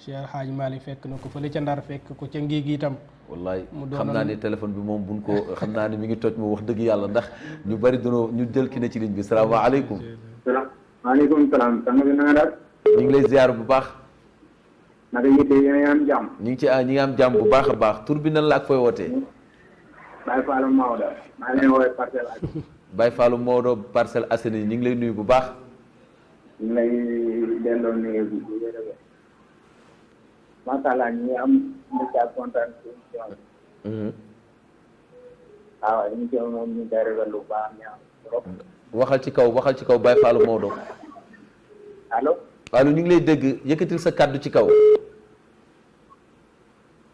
Cheikh El Hadj Malick fekk na ko fële ca Ndar fekk ko ca ngi gi itam. wallaay xam naa ni téléphone bi moom buñ ko xam naa ni mi ngi toj moom wax dëgg yàlla ndax ñu bari dunoo ñu jël ki ne ci ligne bi salaamaaleykum. waaleykum salaam sang bi na nga ñu ngi lay ziar bu baax. naka yi nga am ñu ngi ci ah, ñi nga am jàmm bu baax a baax tur bi nan la ak fooy wootee. Baye Fallou Maodo maa ngi lay woowee Parcelles ñu ngi lay nuyu bu baax. macha allah ñu ngi am mbégte kontaan ci émission bi. waaw waxal ci kaw waxal ci kaw Baye Fallou Maodo. ñu ngi lay dégg yëkkatil sa kàddu ci kaw.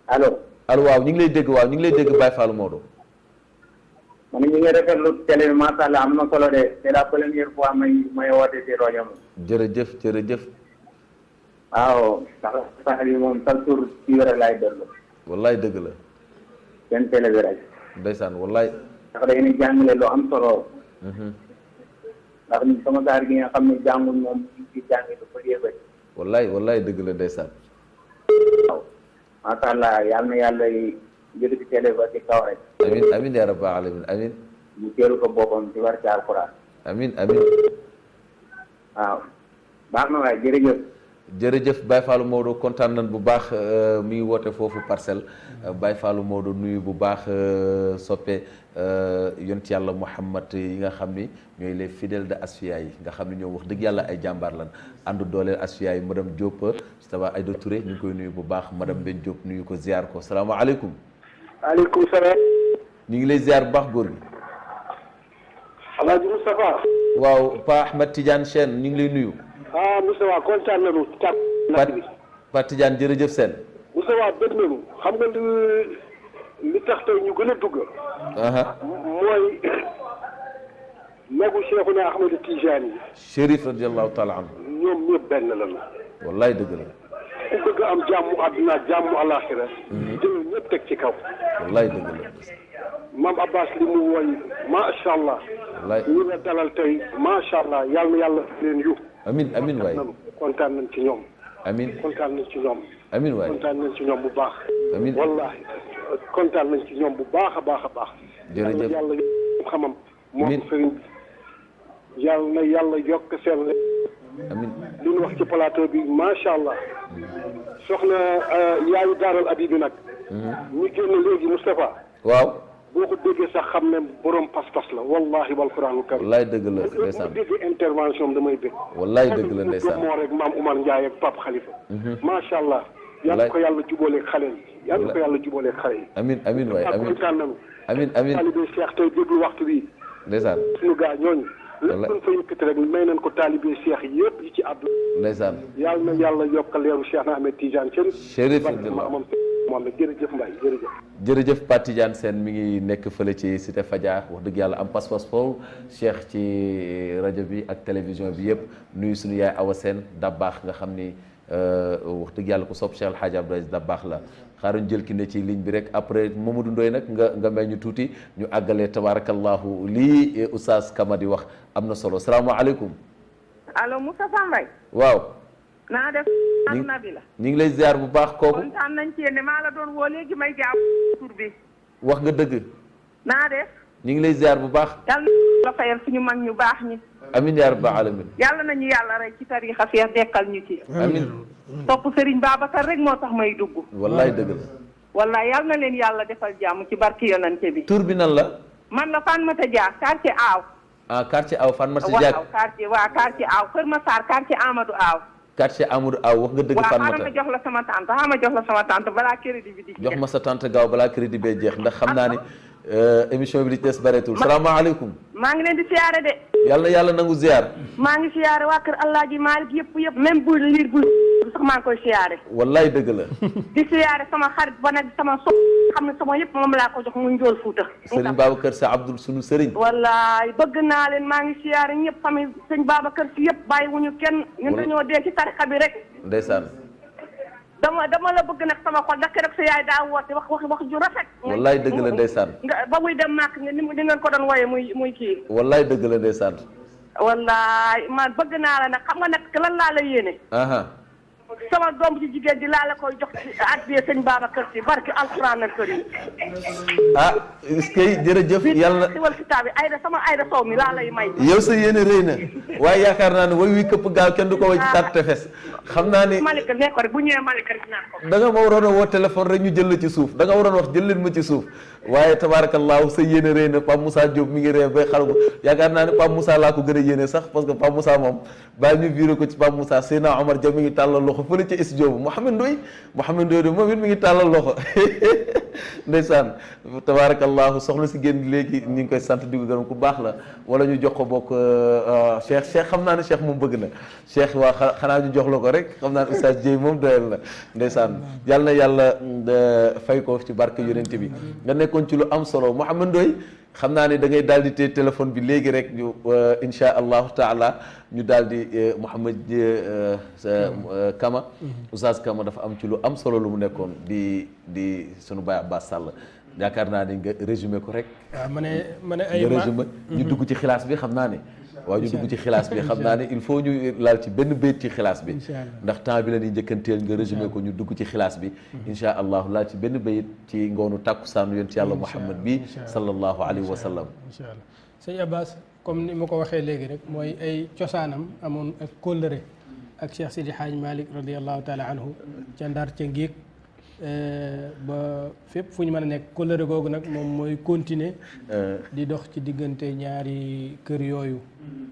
allo. allo waaw ñu ngi lay dégg waaw ñu ngi lay dégg Baye Fallou Maodo. man ñu ngi rafetlu télé bi macha allah am na solo de c'est première fois may may woote ci rajo bi. jërëjëf jërëjëf. waaw ndax saa yi moom chaque jour ci wéral laay dellu. wallaay dëgg la. seen télé bi rek. da ngeen am solo. ndax sama gaar dëgg la ndeysaan. waaw macha allah amin amin yaa rabbal alamin amin. mu teelu ko boppam ci war ci amin amin. waaw baax na waay jërëjëf Baye Fallou Maodo kontaan nañ bu baax euh, mi ngi woote foofu parcelle mm-hmm. euh, Baye falo Maodo nuyu bu baax euh, soppe yont yàlla Mouhamad yi nga xam ni ñooy les fidèles de Asfiya yi nga xam ne ñoo wax dëgg yàlla ay jàmbaar lan ànd dooleel Asfiya yi madame Diop ça va Aïda Touré ñu ngi koy nuyu bu baax madame Ben Diop nuyu ko ziar ko salaamaaleykum. waaleykum salaam. ñu ngi lay ziar bu baax góor gi. El Hadj Moustapha. waaw Pa Ahmed Tidiane Chène ñu ngi lay nuyu. ah Moustapha kontaan nañu tàpp jërëjëf seen. Moustapha bëgg nañu xam nga li tax tey ñu gën a dugg. mooy nagu Cheikhouna Ahmed Tidiane yi. Chérif radiyallahu taala anhu. ñoom ñëpp benn lañu. wallaay dëgg la. ku bëgg am jàmmu àdduna jàmmu alaxira. Mhm. jël ñëpp teg ci kaw. wallaay dëgg la. maam Abbas li mu woy macha allah. wallaay ñu la dalal tey macha yàlla yàlla leen yu. amin amin waay kontaan nañ ci ñoom. amin kontaan nañ ci ñoom. amin waay kontaan nañ ci ñoom bu baax. amin wallaahi kontaan nañ ci ñoom bu baax a baax a baax. jërëjëf yàlla yokk xamam. moom sëriñ bi yàlla na yàlla yokk seen le amin li ñu wax ci plateau bi macha allah. soxna euh, yaayu daaral abi bi nag. Mm-hmm. ñu génn léegi Moustapha. waaw. boo ko déggee sax xam ne borom pas-pas la wallahi wal quran karim wallaay dëgg la ndeysaan bu déggee intervention am damay dégg wallaay dëgg la ndeysaan moo rek maam Oumar Ndiaye ak Pape Khalifa macha allah yàlla ko yàlla jubooleeg xale yi yàlla ko yàlla jubooleeg xale yi amin amin waay amin kontaan nañu amin amin talibé Cheikh tey déglu waxtu bi ndeysaan suñu gaa ñooñu lépp luñ fa yëkkati rek may nañ ko talibé Cheikh yëpp yi ci àdduna ndeysaan yàlla na yàlla yokk leeru Cheikh na Ahmed Tidiane seen chérif moom la jërëjëf Mbaye jërëjëf. jërëjëf Pape Tidiane Sène mi ngi nekk fële ci Cité Fadia wax dëgg yàlla am pas-pas foofu Cheikh ci euh, rajo bi ak télévision bi yëpp nuyu suñu yaay Awa Sène da baax nga xam ni euh, wax dëgg yàlla ko sopp Cheikh El Hadj Abdou Aziz da baax la xaaruñ jël ki ne ci ligne bi rek après Mamadou Ndoye nag nga nga may ñu tuuti ñu àggalee tabarakallahu lii euh, Oustaz Kama di wax am na solo salaamaaleykum. allo Moustapha Mbaye waaw. naa def na bi la ñu ngi bu baax kooku kontaan nañ ci yéen maa la doon woo léegi may jàpp tur wax nga dëgg naa def ñu ngi lay ziar bu baax yàlla na la fayal suñu mag ñu baax ñi amin yaa rabbal alamin yàlla nañu yàlla rey ci a fi dekkal ñu ci amin topp Serigne Babacar rek moo tax may dugg wallaay dëgg la wallaay na leen yàlla defal jàmm ci barki yonante bi tur bi nan la man la Fanmata Dia quartier Aw ah quartier Aw Fanmata Dia waaw quartier waaw quartier Aw Kër Massar quartier Amadou quartier Amadou Aw wax nga dëgg fan ma ma jox la sama tante xaaral ma jox la sama tante balaa crédit bi di jeex ndax xam naa ni ah, euh, émission bi di des bareetul salaamaaleykum maa ngi leen di siyaare de yàlla yàlla nangu ziyaar maa ngi siyaare waa kër Alaaji Maalik yëpp yëpp même bu liir bu sax maa ngi koy dëgg la. di siyaare sama xarit ba nag sama so xam ne sama yëpp moom laa ko jox mu njool fuuta. sëriñ Babacar Sy Abdoul sunu sëriñ. wallaay bëgg naa leen maa ngi siyaare ñëpp famille sëñ Babacar Sy yëpp bàyyiwuñu kenn. ñun dañoo dee ci tarixa bi rek. ndeysaan. dama dama la bëgg nag sama xol ndax rek sa yaay daa woote wax wax wax ju rafet. wallaay dëgg la ndeysaan. nga ba muy dem màkk nga ni mu ni ngeen ko doon wooyee muy muy kii. wallaay dëgg la ndeysaan. wallaay man bëgg naa a nag xam nga nag lan laa la yéene. sama doom ji jigéen di laa la koy jox ci addiya sëñ Babacar Si barki alxuraan al karim ah est-ce que jërëjëf yàlla na wal kitaab bi ayda sama ayda sow mi laa lay may yow sa yéene rëy na waaye yaakaar naa ne way wi këpp gaaw kenn du ko way ci tàtt tefes xam naa ni Malika ne bu ñëwee Malika rek naan ko da nga ma waroon a woo téléphone rek ñu jël la ci suuf da nga waroon wax jël leen ma ci suuf waaye tabaarakallaahu sa yéene rëy na Pape Moussa Diop mi ngi ree bay xaru yaakaar naa ne Pape Moussa laa ko gën a yéene sax parce que Pape Moussa moom bàyyi ñu viré ko ci Pape Moussa Seyna Omar Dia mi ngi tàllal loxo fële ca studio bi Mouhamed Ndoye Mouhamed Ndoye moom it mi ngi tàllal loxo ndeysaan tabaarakallaahu si génn léegi ñu ngi koy sant di gën a ku baax la wala ñu jox ko bokk euh, euh, Cheikh Cheikh xam naa ne Cheikh moom bëgg na Cheikh waa xanaa ñu jox la ko rek xam naa ne Oustaz Dieye moom doyal la ndeysaan yàlla yàlla euh, fay ko ci barke yonent nekkoon ci lu am solo Mouhamed Ndoye xam naa ni da ngay daal di téye téléphone bi léegi rek ñu euh, insha allahu taala ñu daal di euh, Mouhamed euh, mm-hmm. Kama mm-hmm. Oustaz Kama dafa am ci lu am solo lu mu nekkoon di di sunu baay Abbas Sall yaakaar naa ni nga résumé ko rek. Ah, ma ne ma ne ay nga résumé ñu mm-hmm. dugg ci xilaas bi xam naa ne. waaw ñu dugg ci xilaas bi xam naa ne il faut ñu laal ci benn béyt ci xilaas bi ndax temps bi la ñuy njëkkanteel nga résumé ko ñu dugg ci xilaas bi mm-hmm. insha allah laal ci benn béyt ci ngoonu yoon yonent yàlla muhammad bi sallallahu alayhi wa sallam insha allah sëñ abbas comme ni ma ko waxee léegi rek mooy ay cosaanam amoon ak kóllëre ak cheikh sidi haaj malik radiallahu taala anhu ca ndar ca ngiig eh, ba fépp fu ñu mën a nekk kóllëre googu nag moom mooy continuer eh. di dox ci diggante ñaari kër yooyu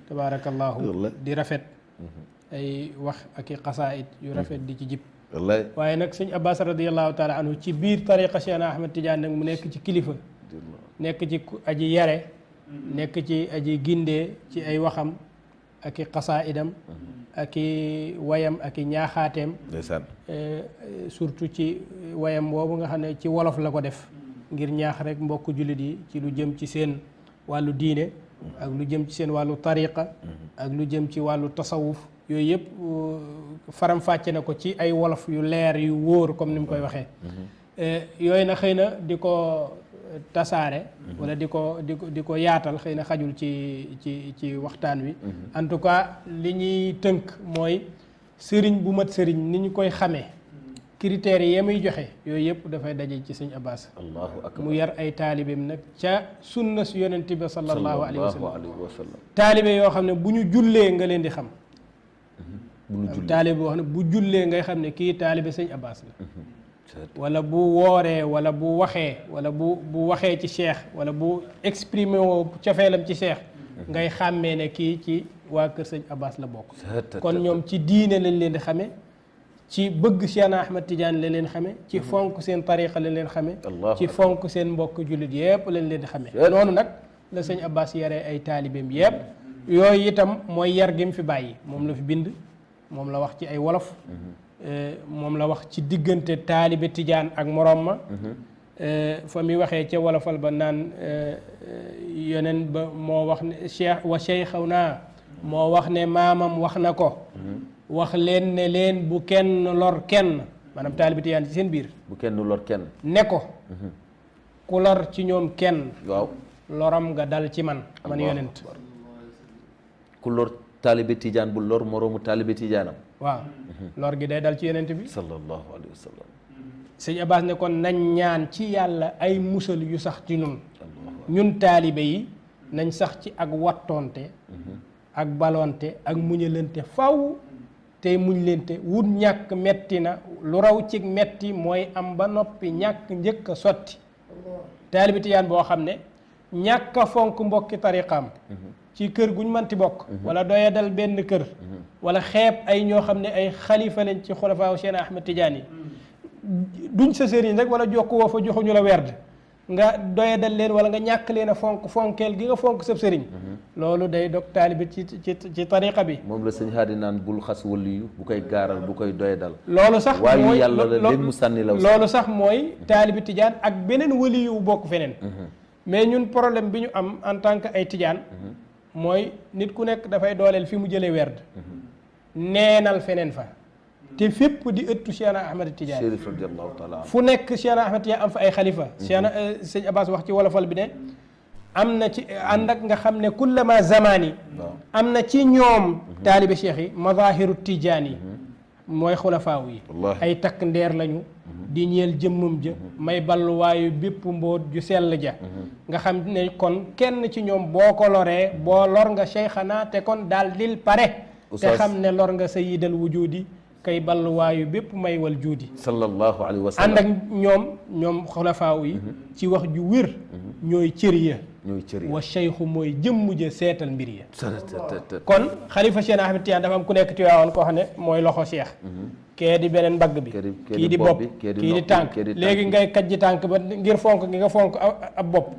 tabaarakallaahu di rafet mhm. ay wax ak i xasaayit yu mhm. rafet di ci jib waaye nag sëñ abbas radiallahu taala anhu ci biir tariqa Cheikh Ahmed Tidiane nag mu nekk ci kilifa mhm. nekk ci aji yare nekk ci aji gindee ci ay waxam aki i xasaayidam ak wayam aki i ñaaxaateem eh, eh, surtout ci wayam boobu nga xam ne ci wolof la ko def ngir ñaax rek mbokk jullit yi ci lu jëm ci seen wàllu diine ak lu jëm ci seen wàllu tariqa mm-hmm. ak lu jëm ci wàllu tasawuf yooyu yëpp uh, faram-fàcce na ko ci ay wolof yu leer yu wóor comme ni mu koy waxee mm-hmm. eh, yooyu na xëy na di ko tasaare mm-hmm. wala di ko di ko di ko yaatal xëy na xajul ci ci ci waxtaan wi en tout cas li ñuy tënk mooy sëriñ bu mat sëriñ ni ñu koy xamee كريتيري يمي جوخي يوي ييب دا فاي داجي سي سيغ عباس الله اكبر مو يار اي طالبيم نك تا سنة يونت بي صلى الله عليه وسلم طالب يو خامني بو نيو جولي nga len di xam طالب وخنا بو جولي nga xamne ki طالب سي سيغ عباس لا ولا بو ووري ولا بو وخه ولا بو بو وخه تي شيخ ولا بو اكسبريمي و تي فيلم تي شيخ nga xamene ki ci wa keur seigne abbas la mm-hmm. mm-hmm. bok kon ñom ci diine lañ ci bëgg Cheikh Ahmed Tidiane la leen xamé ci fonk seen tariika la leen xamé ci fonk seen mbokk julit yëpp lañ leen xamé nonu nak la Seigne Abbas yare ay talibem yëpp yoy itam moy yar gi mu fi bàyyi mom la fi bind mom la wax ci ay wolof mom la wax ci digënté talibé Tidiane ak morom ma fa mi waxé ci wolofal ba naan yeneen ba mo wax ne cheikh wa cheikhaw mo wax ne mamam wax nako wax leen ne leen bu kenn lor kenn maanaam taalibe tijaan ci seen biir. bu kenn lor kenn. ne ko. Mhm. ku lor ci ñoom kenn. loram nga dal ci man. man yonent ku lor taalibe tijaan bu lor moroomu taalibe tijaanam. waaw mhm. lor gi day dal ci yonent bi. sallallahu alayhi ne kon nañ ñaan ci yàlla ay musal yu sax ci ñun. ñun yi nañ sax ci ak wattoonte. Mhm. ak balonte ak muñalante faw tey muñ leente wut ñàkk metti na lu raw cig metti mooy am ba noppi ñàkk njëkk a sotti taalibi tijaan boo xam ne ñàkk a fonk mbokki tariqaam mhm. ci kër guñ manti bokk mhm. wala doyadal benn kër mhm. wala xeeb ay ñoo xam ne ay xalifa nañ ci xulafaaw seen Ahmed tijaan yi duñ sa sëriñ rek wala jokk woo fa joxuñu la werd nga doyadal leen wala nga ñàkk leen a fonk fonkeel gi nga fonk sëb sëriñ mhm. loolu day dog taalibi ci ci ci tariqa bi moom la sëñ xaari naan bul xas waliyu bu koy gaaral bu koy doyadal loolu sax waaye yàlla la leen mu sànni la loolu sax mooy mhm. taalibi tijaan ak beneen waliyu bu bokk feneen mhm. mais ñun problème bi ñu am en tant que ay tijaan mooy nit ku nekk dafay dooleel fi mu jëlee werd neenal feneen fa te fépp di ëttu Cheikhna Ahmed Tidiane Chérif radiyallahu taala fu nekk Cheikhna Ahmed Tidiane am fa ay xalifa Cheikhna sëñ Abbas wax ci wolofal bi ne am na ci ànd ak nga xam ne kullama zamani am na ci ñoom taalibe cheikh yi mazahiru tijaan yi mooy xulafaaw yi ay takk ndeer lañu di ñeel jëmmam ja may balluwaayu bépp mbóot ju sell ja nga xam ne kon kenn ci ñoom boo ko loree boo lor nga cheikhana te kon daal dil pare te xam ne lor nga sayidal wujudi kay balluwaayu bépp may wal juudi sallallahu alayhi wa sallam ànd ak ñoom ñoom xulafaaw yi mhm. ci wax ju wér mhm. ñooy cër ya ñooy cër ya wa cheikhu mooy jëmm ja seetal mbir ya kon xalifa Cheikh Ahmed Tidiane dafa am ku nekk Tiwaawan koo xam ne mooy loxo cheikh mhm. kee di beneen mbagg bi kii di bopp kii di tànk léegi ngay kajji tànk ba ngir fonk ngi nga fonk ab bopp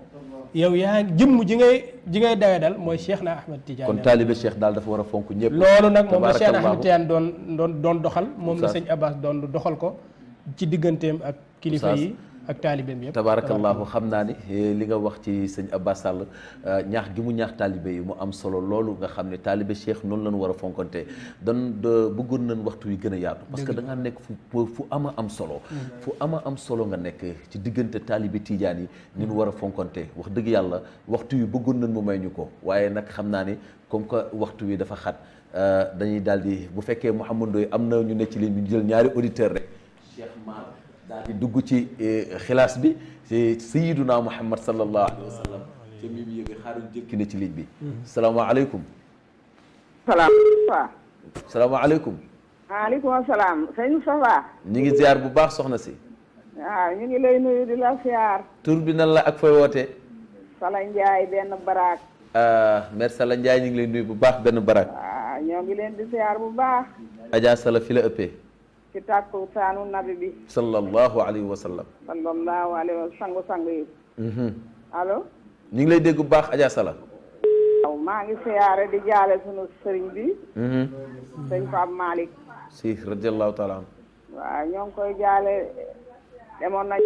yow yaa jëmm ji ngay ji ngay dawe dal mooy Cheikh na Ahmed Tidiane kon taalibe Cheikh daal dafa war a fonk ñëpp loolu nag moom la Cheikh na Ahmed Tidiane doon doon doon doxal moom la sëñ Abbas doon doxal ko ci digganteem ak kilifa yi ak taalibeem yëpp tabaarakallaahu xam naa ni eh, li nga wax ci sëñ Abbas Sall eh, ñaax gi mu ñaax taalibe yi mu am solo loolu nga xam ne taalibe Cheikh noonu la ñu war a fonkante dan bëggoon nañ waxtu wi gën a yaatu parce que da ngaa nekk fu fu ama am solo fu ama am solo nga nekk ci diggante taalibe tiijaan yi ni ñu war a fonkante wax dëgg yàlla waxtu yu bëggoon nañ mu may ñu ko waaye nag xam naa ni comme que waxtu wi dafa xat eh, dañuy daal di bu fekkee Mouhamadou am na ñu nekk ci lii bi ñu jël ñaari auditeur rek Cheikh daal dugg ci eh, xilaas bi ci sayiduna muhammad sallallahu alayhi wa sallam te mi ngi yëg xaaruñ jëkki na ci ligne bi. salaamaaleykum. Mm-hmm. salaamaaleykum. salaamaaleykum. salaam sëñ ñu ngi ziar bu baax soxna si. ñu ngi lay nuyu di la ziar. tur bi na la ak fooy wootee. Sala Ndiaye benn baraak. Ah, mère Sala Ndiaye ñu ngi lay nuyu bu baax benn baraak. waaw ñoo ngi fi la ëppee. ci tàkku saanu nabi bi sallallahu alayhi wa sallam sallallahu alayhi sangu-sangu yi mm-hmm. allo ñu dégg bu baax Adja Sala maa ngi siyaare di jaale sunu sëriñ bi mm-hmm. sëñ Pape Malick si radiallahu taala an waaw ñoo koy jaale demoon nañ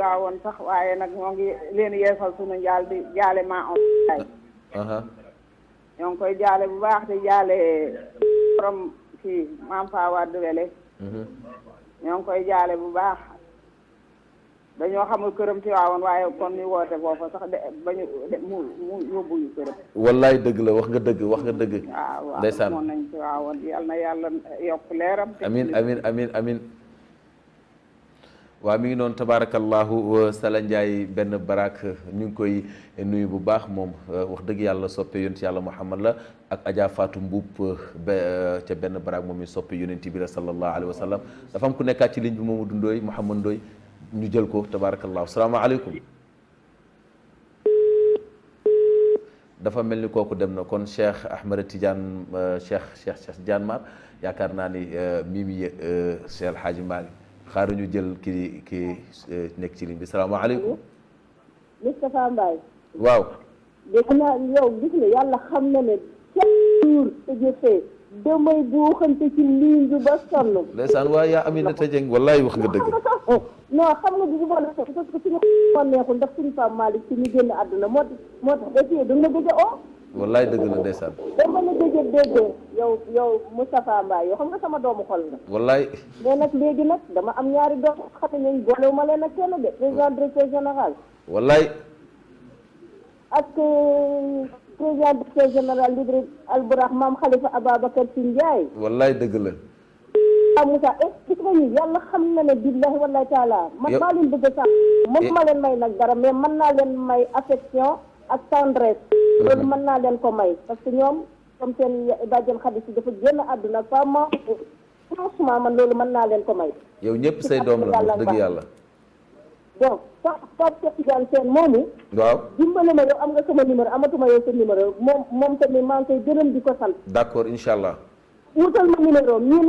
waa woon sax waaye nag ñoo ngi leen yeesal sunu njaal di jaale maa on ay ñoo koy jaale bu baax di jaale borom kii maam fa wàddu wele Mm-hmm. ñoo ngi koy jaale bu baax dañoo xamul këram ci Tiwaawoon waaye kon ñu woote foofa sax de bañu mu mu yóbbu ñu këram wallaay dëgg la wax nga dëgg wax nga dëgg waaw waaw moom nañ Tiwaawoon yal na yàlla yokk leeram amiin amiin waa mi ngi noonu tabaarakallaahu Sala Ndiaye benn barak ñu ngi koy nuyu bu baax moom euh, wax dëgg yàlla soppe yonent yàlla Muhammad la ak Adja Fatou Mbuub euh, ca benn barak moom mi soppe yonent bi la sallallahu alayhi wa sallam dafa am ku nekkaat ci ligne bi Mamadou Ndoye Mouhamad Ndoye ñu jël ko tabaarakallaahu salaamaaleykum dafa mel ni kooku dem na kon Cheikh Ahmed Tidiane euh, Cheikh Cheikh Cheikh Tidiane yaakaar naa ni mii mi Cheikh El Hadji xaaral ñu jël kii kii nekk ci ligne bi salaamaaleykum. Moustapha Mbaye. waaw. dégg naa yow gis nga yàlla xam na ne chaque jour te jëfee damay buuxante ci ligne bi ba sonn. ndeysaan waaye yaa Aminata Dieng wallaay wax nga dëgg. non xam nga du ma parce que suñu xonneexul ndax suñu Pape Malick si ñu génn àdduna moo moo tax essayé du nga dëgg oo. wallaay dëgg la ndeysaan. dama la gëj a dégg yow yow Moustapha Mbaye yow xam nga sama doomu xol nga. wallaay. mais nag léegi nag dama am ñaari doom xam ne boolewuma leen ak kenn de président directeur général. wallaay. ak euh, président directeur général Libre Alburax maam Khalifa Ababacar Si Ndiaye. wallaay dëgg la. waaw Moussa eh gis nga ni yàlla xam na ne billahi wallahi taala man maa leen bëgg a sax. man ma leen may nag dara mais mën naa leen may affection. ak tendresse mm-hmm. loolu mën naa leen ko may parce que ñoom comme seen bàjjen xaddi si dafa génn àdduna fama franchement man loolu man naa leen ko may yow ñëpp say doom la wax dëgg yàlla donc pa Pape Cheikh Tidiane Sène moomu waaw dimbale ma yow am nga sama numéro amatuma yow sa numéro moom moom tamit maa ngi koy gërëm di ko sant d'accord incha allah wutal ma numéro ñii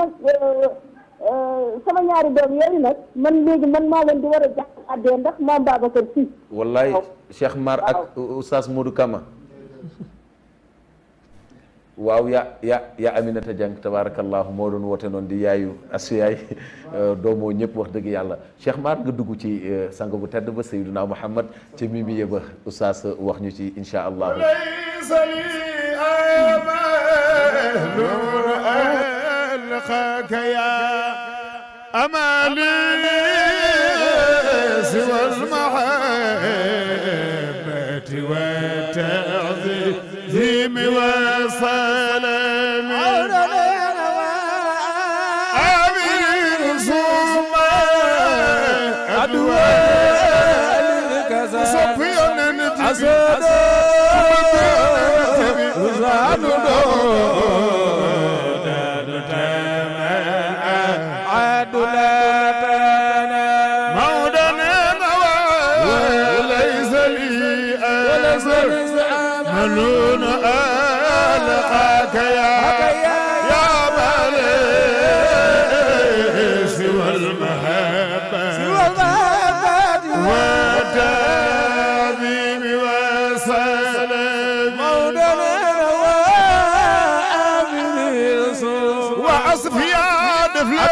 Euh, sama ñaari doom yooyu nag man léegi man maa leen di war a jàpp addee ndax maam Babacar Si. wallaay Cheikh Mar ak Oustaz Modou Kama. waaw ya ya ya Aminata Dieng tabaarakallaahu moo doon woote noon di yaayu asuyaay euh, doomoo ñëpp wax dëgg yàlla Cheikh Mar nga dugg ci euh, sang bu tedd ba Seydina Muhammad ci mimi ba Oustaz wax ñu ci incha allah. أرقاك يا أمالي سوى المحل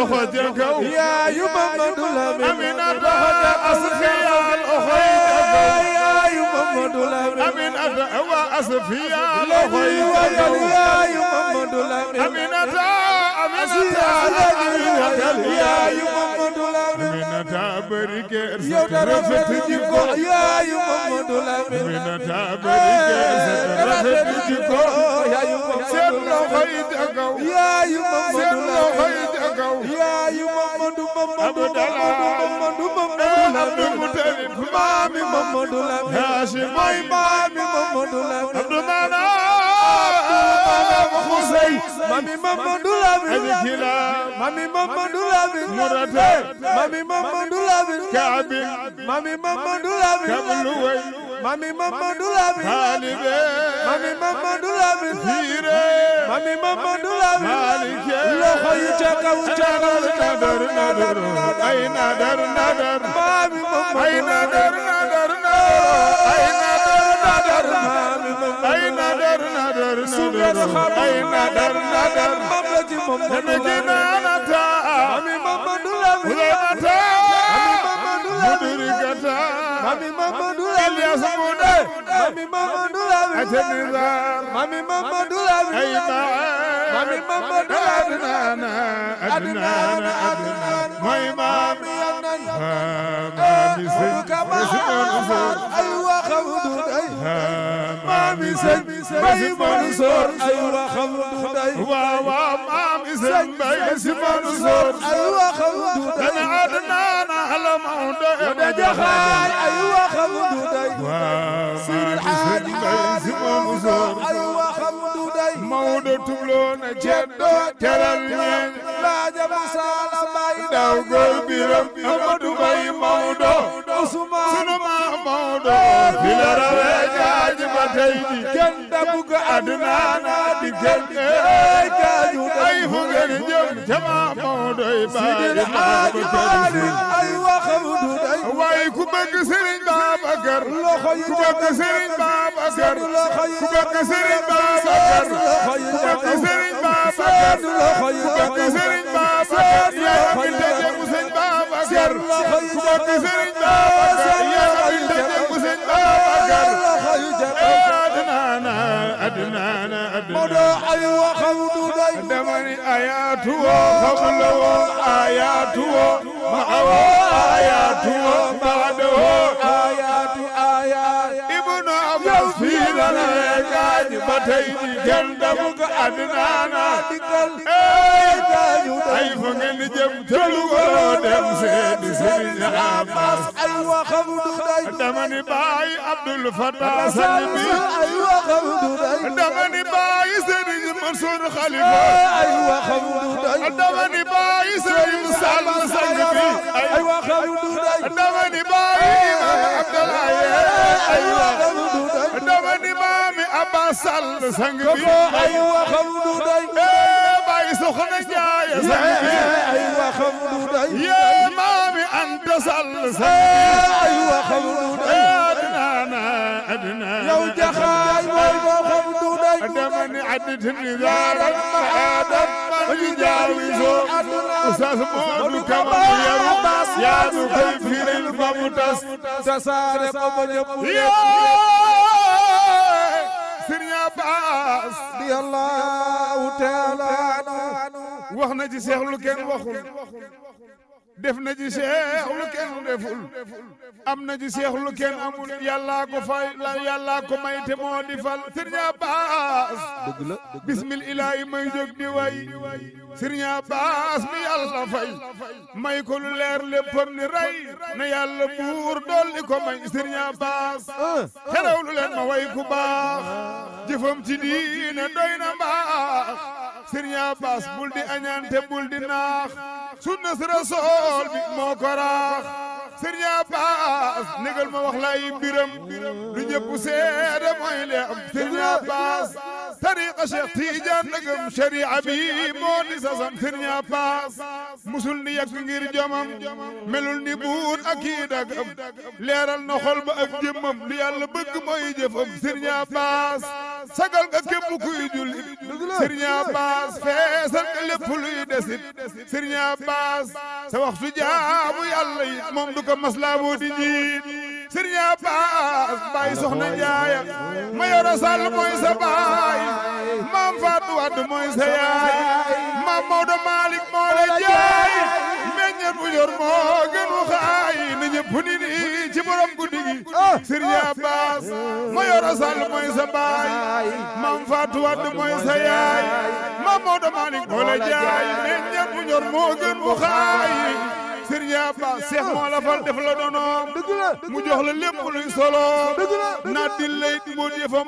الأخوة الجو يا يمم دولامين أمين أبدا أصفيا الأخوة يا يمم دولامين أمين أبدا أصفيا الأخوة يا يمم دولامين أمين أبدا yaayu Mamadou Lamine Aminata bari keer yow da rafet jikko yaayu Mamadou Lamine Aminata bari keer rafet jikko yaayu seen loxo yi ca kaw yaayu Mamadou Lamine yaayu Mamadou Mamadou Mamadou Mamadou Mamadou Mamadou Mamadou mami Mamadou Lamine mami Mamadou Lamine murata mami Mamadou Lamine kaabi mami Mamadou Lamine kabluwe mami Mamadou Lamine halibe mami Mamadou Lamine fiire mami Mamadou Lamine malike loxo yi ca kaw ca kaw nadar nadar ay nadar nadar mami Mamadou Lamine ay nadar nadar ay nadar nadar mam la ci moom dana ci naanata mami mamadou la wiyanata mami mamadou la mudirikata mami mamadou la elias mude mami mamadou la wiyanata mami mamadou la wiyanata mami mamadou la adinana adinana adinana moy mami maami sëñ Mansoor ay waxam du day maami sëñ Mbay Mansoor ay waxam du day waaw waaw maami sëñ Mbay Mansoor ay waxam du day dana adnaan ala mawda da jaxaay ay waxam du day waaw maami sëñ Mbay Mansoor ay waxam Maodo tubloo na ceddo teral ñeen laaja Musa la daw góor biram Amadu Bay Maodo Usmaan sunu maa Maodo fi la rawee jaaj ba tey ji kenn dabu ko àdduna naa di kenn ay kaaju ay fu ngeen jëm jama Maodo yi bàyyi Maodo ay du day Babacar loxo yi ku bëgg Serigne Babacar ku bëgg Serigne Babacar ku bëgg Serigne Babacar ku bëgg Serigne Babacar yaa ngi daje mu Serigne Babacar ku bëgg Serigne Babacar yaa ngi daje mu Serigne Babacar adnaana adnaana adnaana ay waxam du day damani ayaatu xamlawo ayaatu ma awo ayaatu ma adawo na ay gaaju ay fa ngeen ay waxam du day dama maami Abba Sall sang bi ay waxam du doy bay soxna jaay sang bi ay waxam du doy yee maami Anta Sall sang bi ay waxam du doy adnana adna yow jaxaay mooy waxam du doy adamani aditni zaran ma adam aji jaawi so ustaz moodu kama yeru yaa du koy firil ba mu tas tasaare ko ba ñëpp Abbas radiyallahu taala anhu wax na ci seex lu kenn waxul def na ci seex lu am na ci amul yàllaa fay yàllaa ko may te moo di may jóg di way sëriñ Abaas mi yàlla fay may ko lu leer léppam ni rey na yàlla buur dolli ko may sëriñ Abaas ah, ah. xerew ma way ku baax jëfam ci diine doy na mbaax sëriñ bul di añaan bul di naax sunna si rasool bi moo ko raax sëriñ Abbas négal ma wax la ay mbiram lu ñëpp seede mooy le am sëriñ Abbas tariqa Cheikh Tidiane ndegam sharia bi moo di sasam sëriñ Abbas musul ni yàgg ngir jomam melul ni buun ak kii leeral na xol ba ak jëmmam lu yàlla bëgg mooy jëfam sëriñ Abbas sagal nga képp kuy jullit Serigne Abbas feesal nga lépp luy desit Serigne Abbas sa waxtu jaamu yàlla moom du ko maslaaboo di njiit Serigne Abbas baay soxna Njaaya Mayoro Sall mooy sa baay maam Fatou Wade mooy sa yaay maam Maodo Malick moo la jaay meññet bu yor moo gënu xaay na ñëpp ni borom guddi gi ah, ah, Sall mooy sa baay Mam Fatou Wade mooy sa yaay Mamadou Malick Boole Jaay ne ñëpp ñor moo gën bu xaay Serigne Abbas Seex moo la fal def la doonoom dëgg la mu jox la lépp luy solo dëgg la naat di lay moon yëfa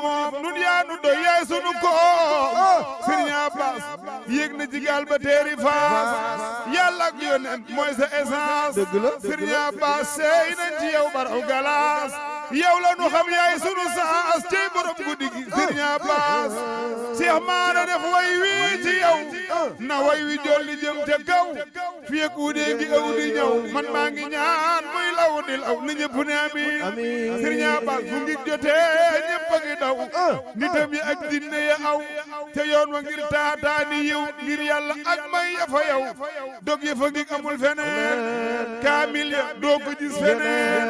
nu ko ah, Serigne Abbas na ci ba teeri faas yàlla ak yonent mooy sa essence dëgg la Serigne baraw galaas yow la nu xam yaay sunu saas ci borom guddi gi sëriñ Abbas Cheikh def way wi ci yow na way wi jolli jëm ca kaw fii ak wuute gi aw di ñëw man maa ngi ñaan muy law di law ni ñëpp ne amiin sëriñ Abbas bu ngi jotee ñëpp a ngi daw nitam yi ak jinne ya aw ca yoon wa ngir taataani yiw ngir yàlla ak may ya fa dog ya fa ngi amul feneen kaamil ya doo ko feneen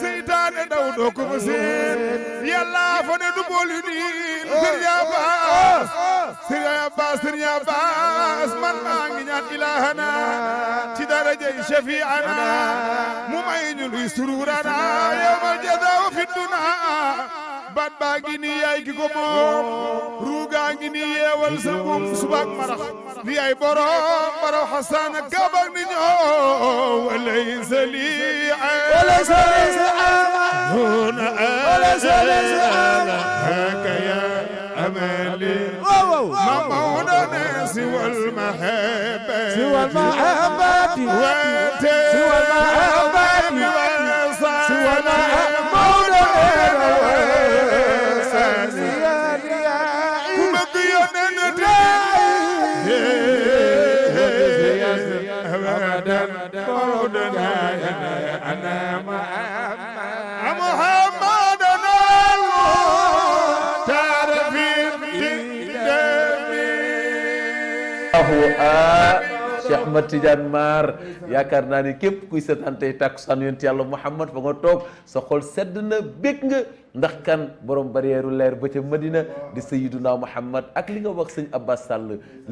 seytaane daw doo ko fa seen yàlla fa ne du booli niin ah, Sëriñ Abbas ah, ah. Sëriñ Abbas Sëriñ Abbas man maa ngi ñaan ilahana ci darajay shafi'ana mu may ñu luy sururana yawmal jaza wa fi dunya baat baa ngi nii yaay gi ko moom ruugaa ngi nii yeewal sa moom subaak marax ni yaay borom baraw xasaana kaabak ni ñoo walaysa li walaysa li huna walaysa li haka ya amali ما مولنا سوى المحبة سوى المحبة سوى المحبة سوى المحبة ah Cheikh Ahmad Tidiane Mar yaakaar naa ne képp kuy seetaan tey takkusaan yonent yàlla Muhammad fa nga toog sa xol sedd na bég nga ndax kan borom barrière leer ba ca Madina di Sayyiduna Muhammad ak li nga wax sëñ Abbas Sall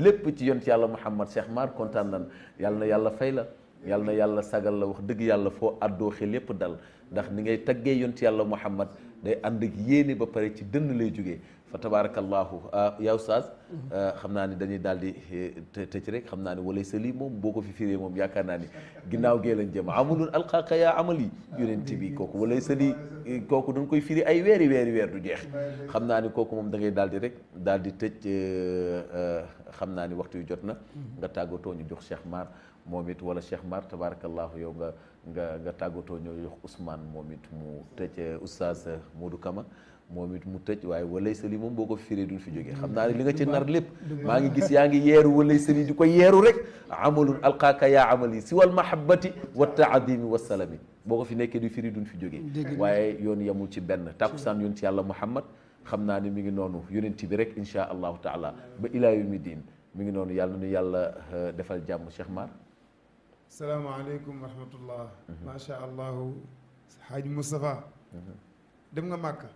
lépp ci yonent yàlla Muhammad Cheikh Mar kontaan nan yàlla na yàlla fay la yàlla na yàlla sagal la wax dëgg yàlla foo àddoo xel yépp dal ndax ni ngay taggee yonent yàlla Muhammad day ànd ak ba pare ci dënn lay jógee fa tabaarakallaahu euh, yaa oustaz euh, xam naa ni dañuy daal di euh, tëj rek xam naa ni walay sa moom boo ko fi firee moom yaakaar naa ni ginnaaw gee lañ jëm amalun alqaaka yaa amal yi yonent bi kooku walay sa kooku dañ koy firi ay weeri weeri weer du jeex xam naa ni kooku moom da ngay daal di rek daal di tëj xam naa ni waxtu yu jot na nga tàggatoo ñu jox Cheikh Mar moom it wala Cheikh Mar tabaarakallaahu yow nga nga tàggatoo ñu jox Ousmane moom it mu tëj oustaz Modou Kama momit mu tëj waaye walay sëli mom boko firé dul fi jogé xamna li nga ci nar lépp ma ngi gis yaa ngi walay sëli diko yéru rek amalun alqaka ya amali si wal mahabbati wat taadimi was salami boko fi nekké du firé dul fi jogé waye yoon yamul ci ben takusan yoon ci yàlla muhammad xamna ni mi ngi nonu yonent bi rek insha allah taala ba ila yawmi diin mi ngi nonu yàlla nu yàlla defal jàmm Cheikh Mar salaamaaleykum wa rahmatullah sha allahu haaji mustafa dem nga Màkka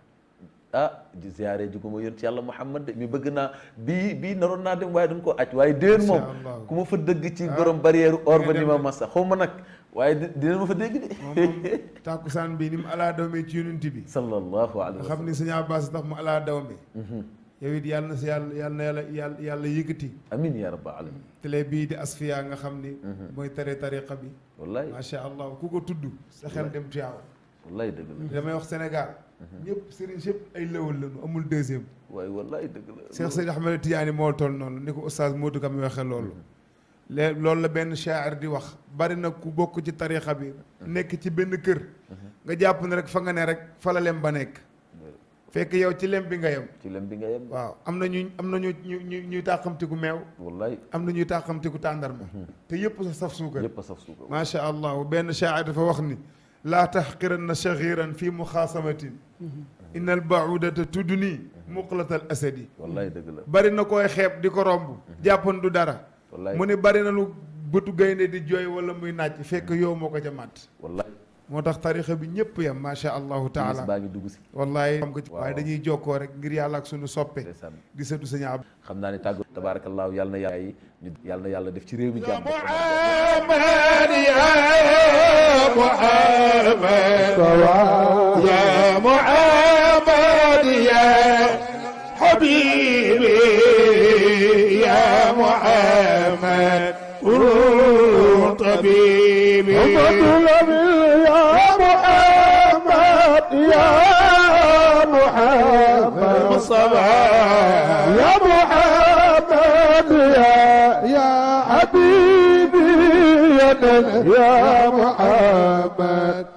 ah di ziare ji ko ma yónni yàlla Muhammad de mi bëgg naa bii bii naroon naa dem waaye dañ ko aj waaye déen moom ku ma fa dëgg ci ah, borom barrière or ba ni ma massa xaw ma nag waaye ma fa de moom tàkkusaan bi ni mu alaa dawmee bi sallallahu alayhi wa xam ni sëñ Abbas tax mu alaa dawmee mhm. yow na si yàlla yàlla na yàlla yàlla yàlla yëkkati amin nga xam mhm. mooy tare tariqa bi wallaay macha allah ku ko tudd sa xel dem tuyaaw damay wax Sénégal ñëpp sëriñ yëpp ay lewal lañu amul deuxième. waaye wallaay dëgg la. Cheikh Seydi Ahmed Tidiane moo toll noonu ni ko oustaz Modou Kam waxee loolu. Mhm. lee loolu la benn shaar di wax bari na ku bokk ci tarixa bi. Mhm. nekk ci benn kër. Mhm. nga jàpp ne rek fa nga ne rek fa la lem ba nekk. fekk yow ci lem bi nga yem. lem bi nga yem. waaw am na ñu am na ñu ñu ñuy tàqamtiku meew. wallaay am na ñuy tàqamtiku tàndarma. te yëpp sa saf suukar. yëpp saf suukar macha allah benn shaar dafa wax ni. laa taxqiran na saxiran fii mu muxaasamatin Mm-hmm. inna al baudata tudd nii muqlatal asadi wallaay dëgg la bari na koy xeeb di ko romb mm-hmm. jàppan du dara mu ne bari na lu bëtu gaynde di jooy wala muy naaj fekk yow moo ko ca màtt wallaay moo tax tarixa bi ñëpp yam macha allahu taala baa ngi dugg si wallaay xam ko ci waaye dañuy jokkoo rek ngir yàlla ak suñu soppe di sëtu sëñ ab xam naa ne tàgg tabaarakallaahu yàlla na yàlla yi ñu yàlla na yàlla def ci réew mi jàmm muhammad ya muhammad ya muhammad ya habibi ya muhammad الحبيبي يا محمد يا محمد يا محمد يا يا حبيبي يا محمد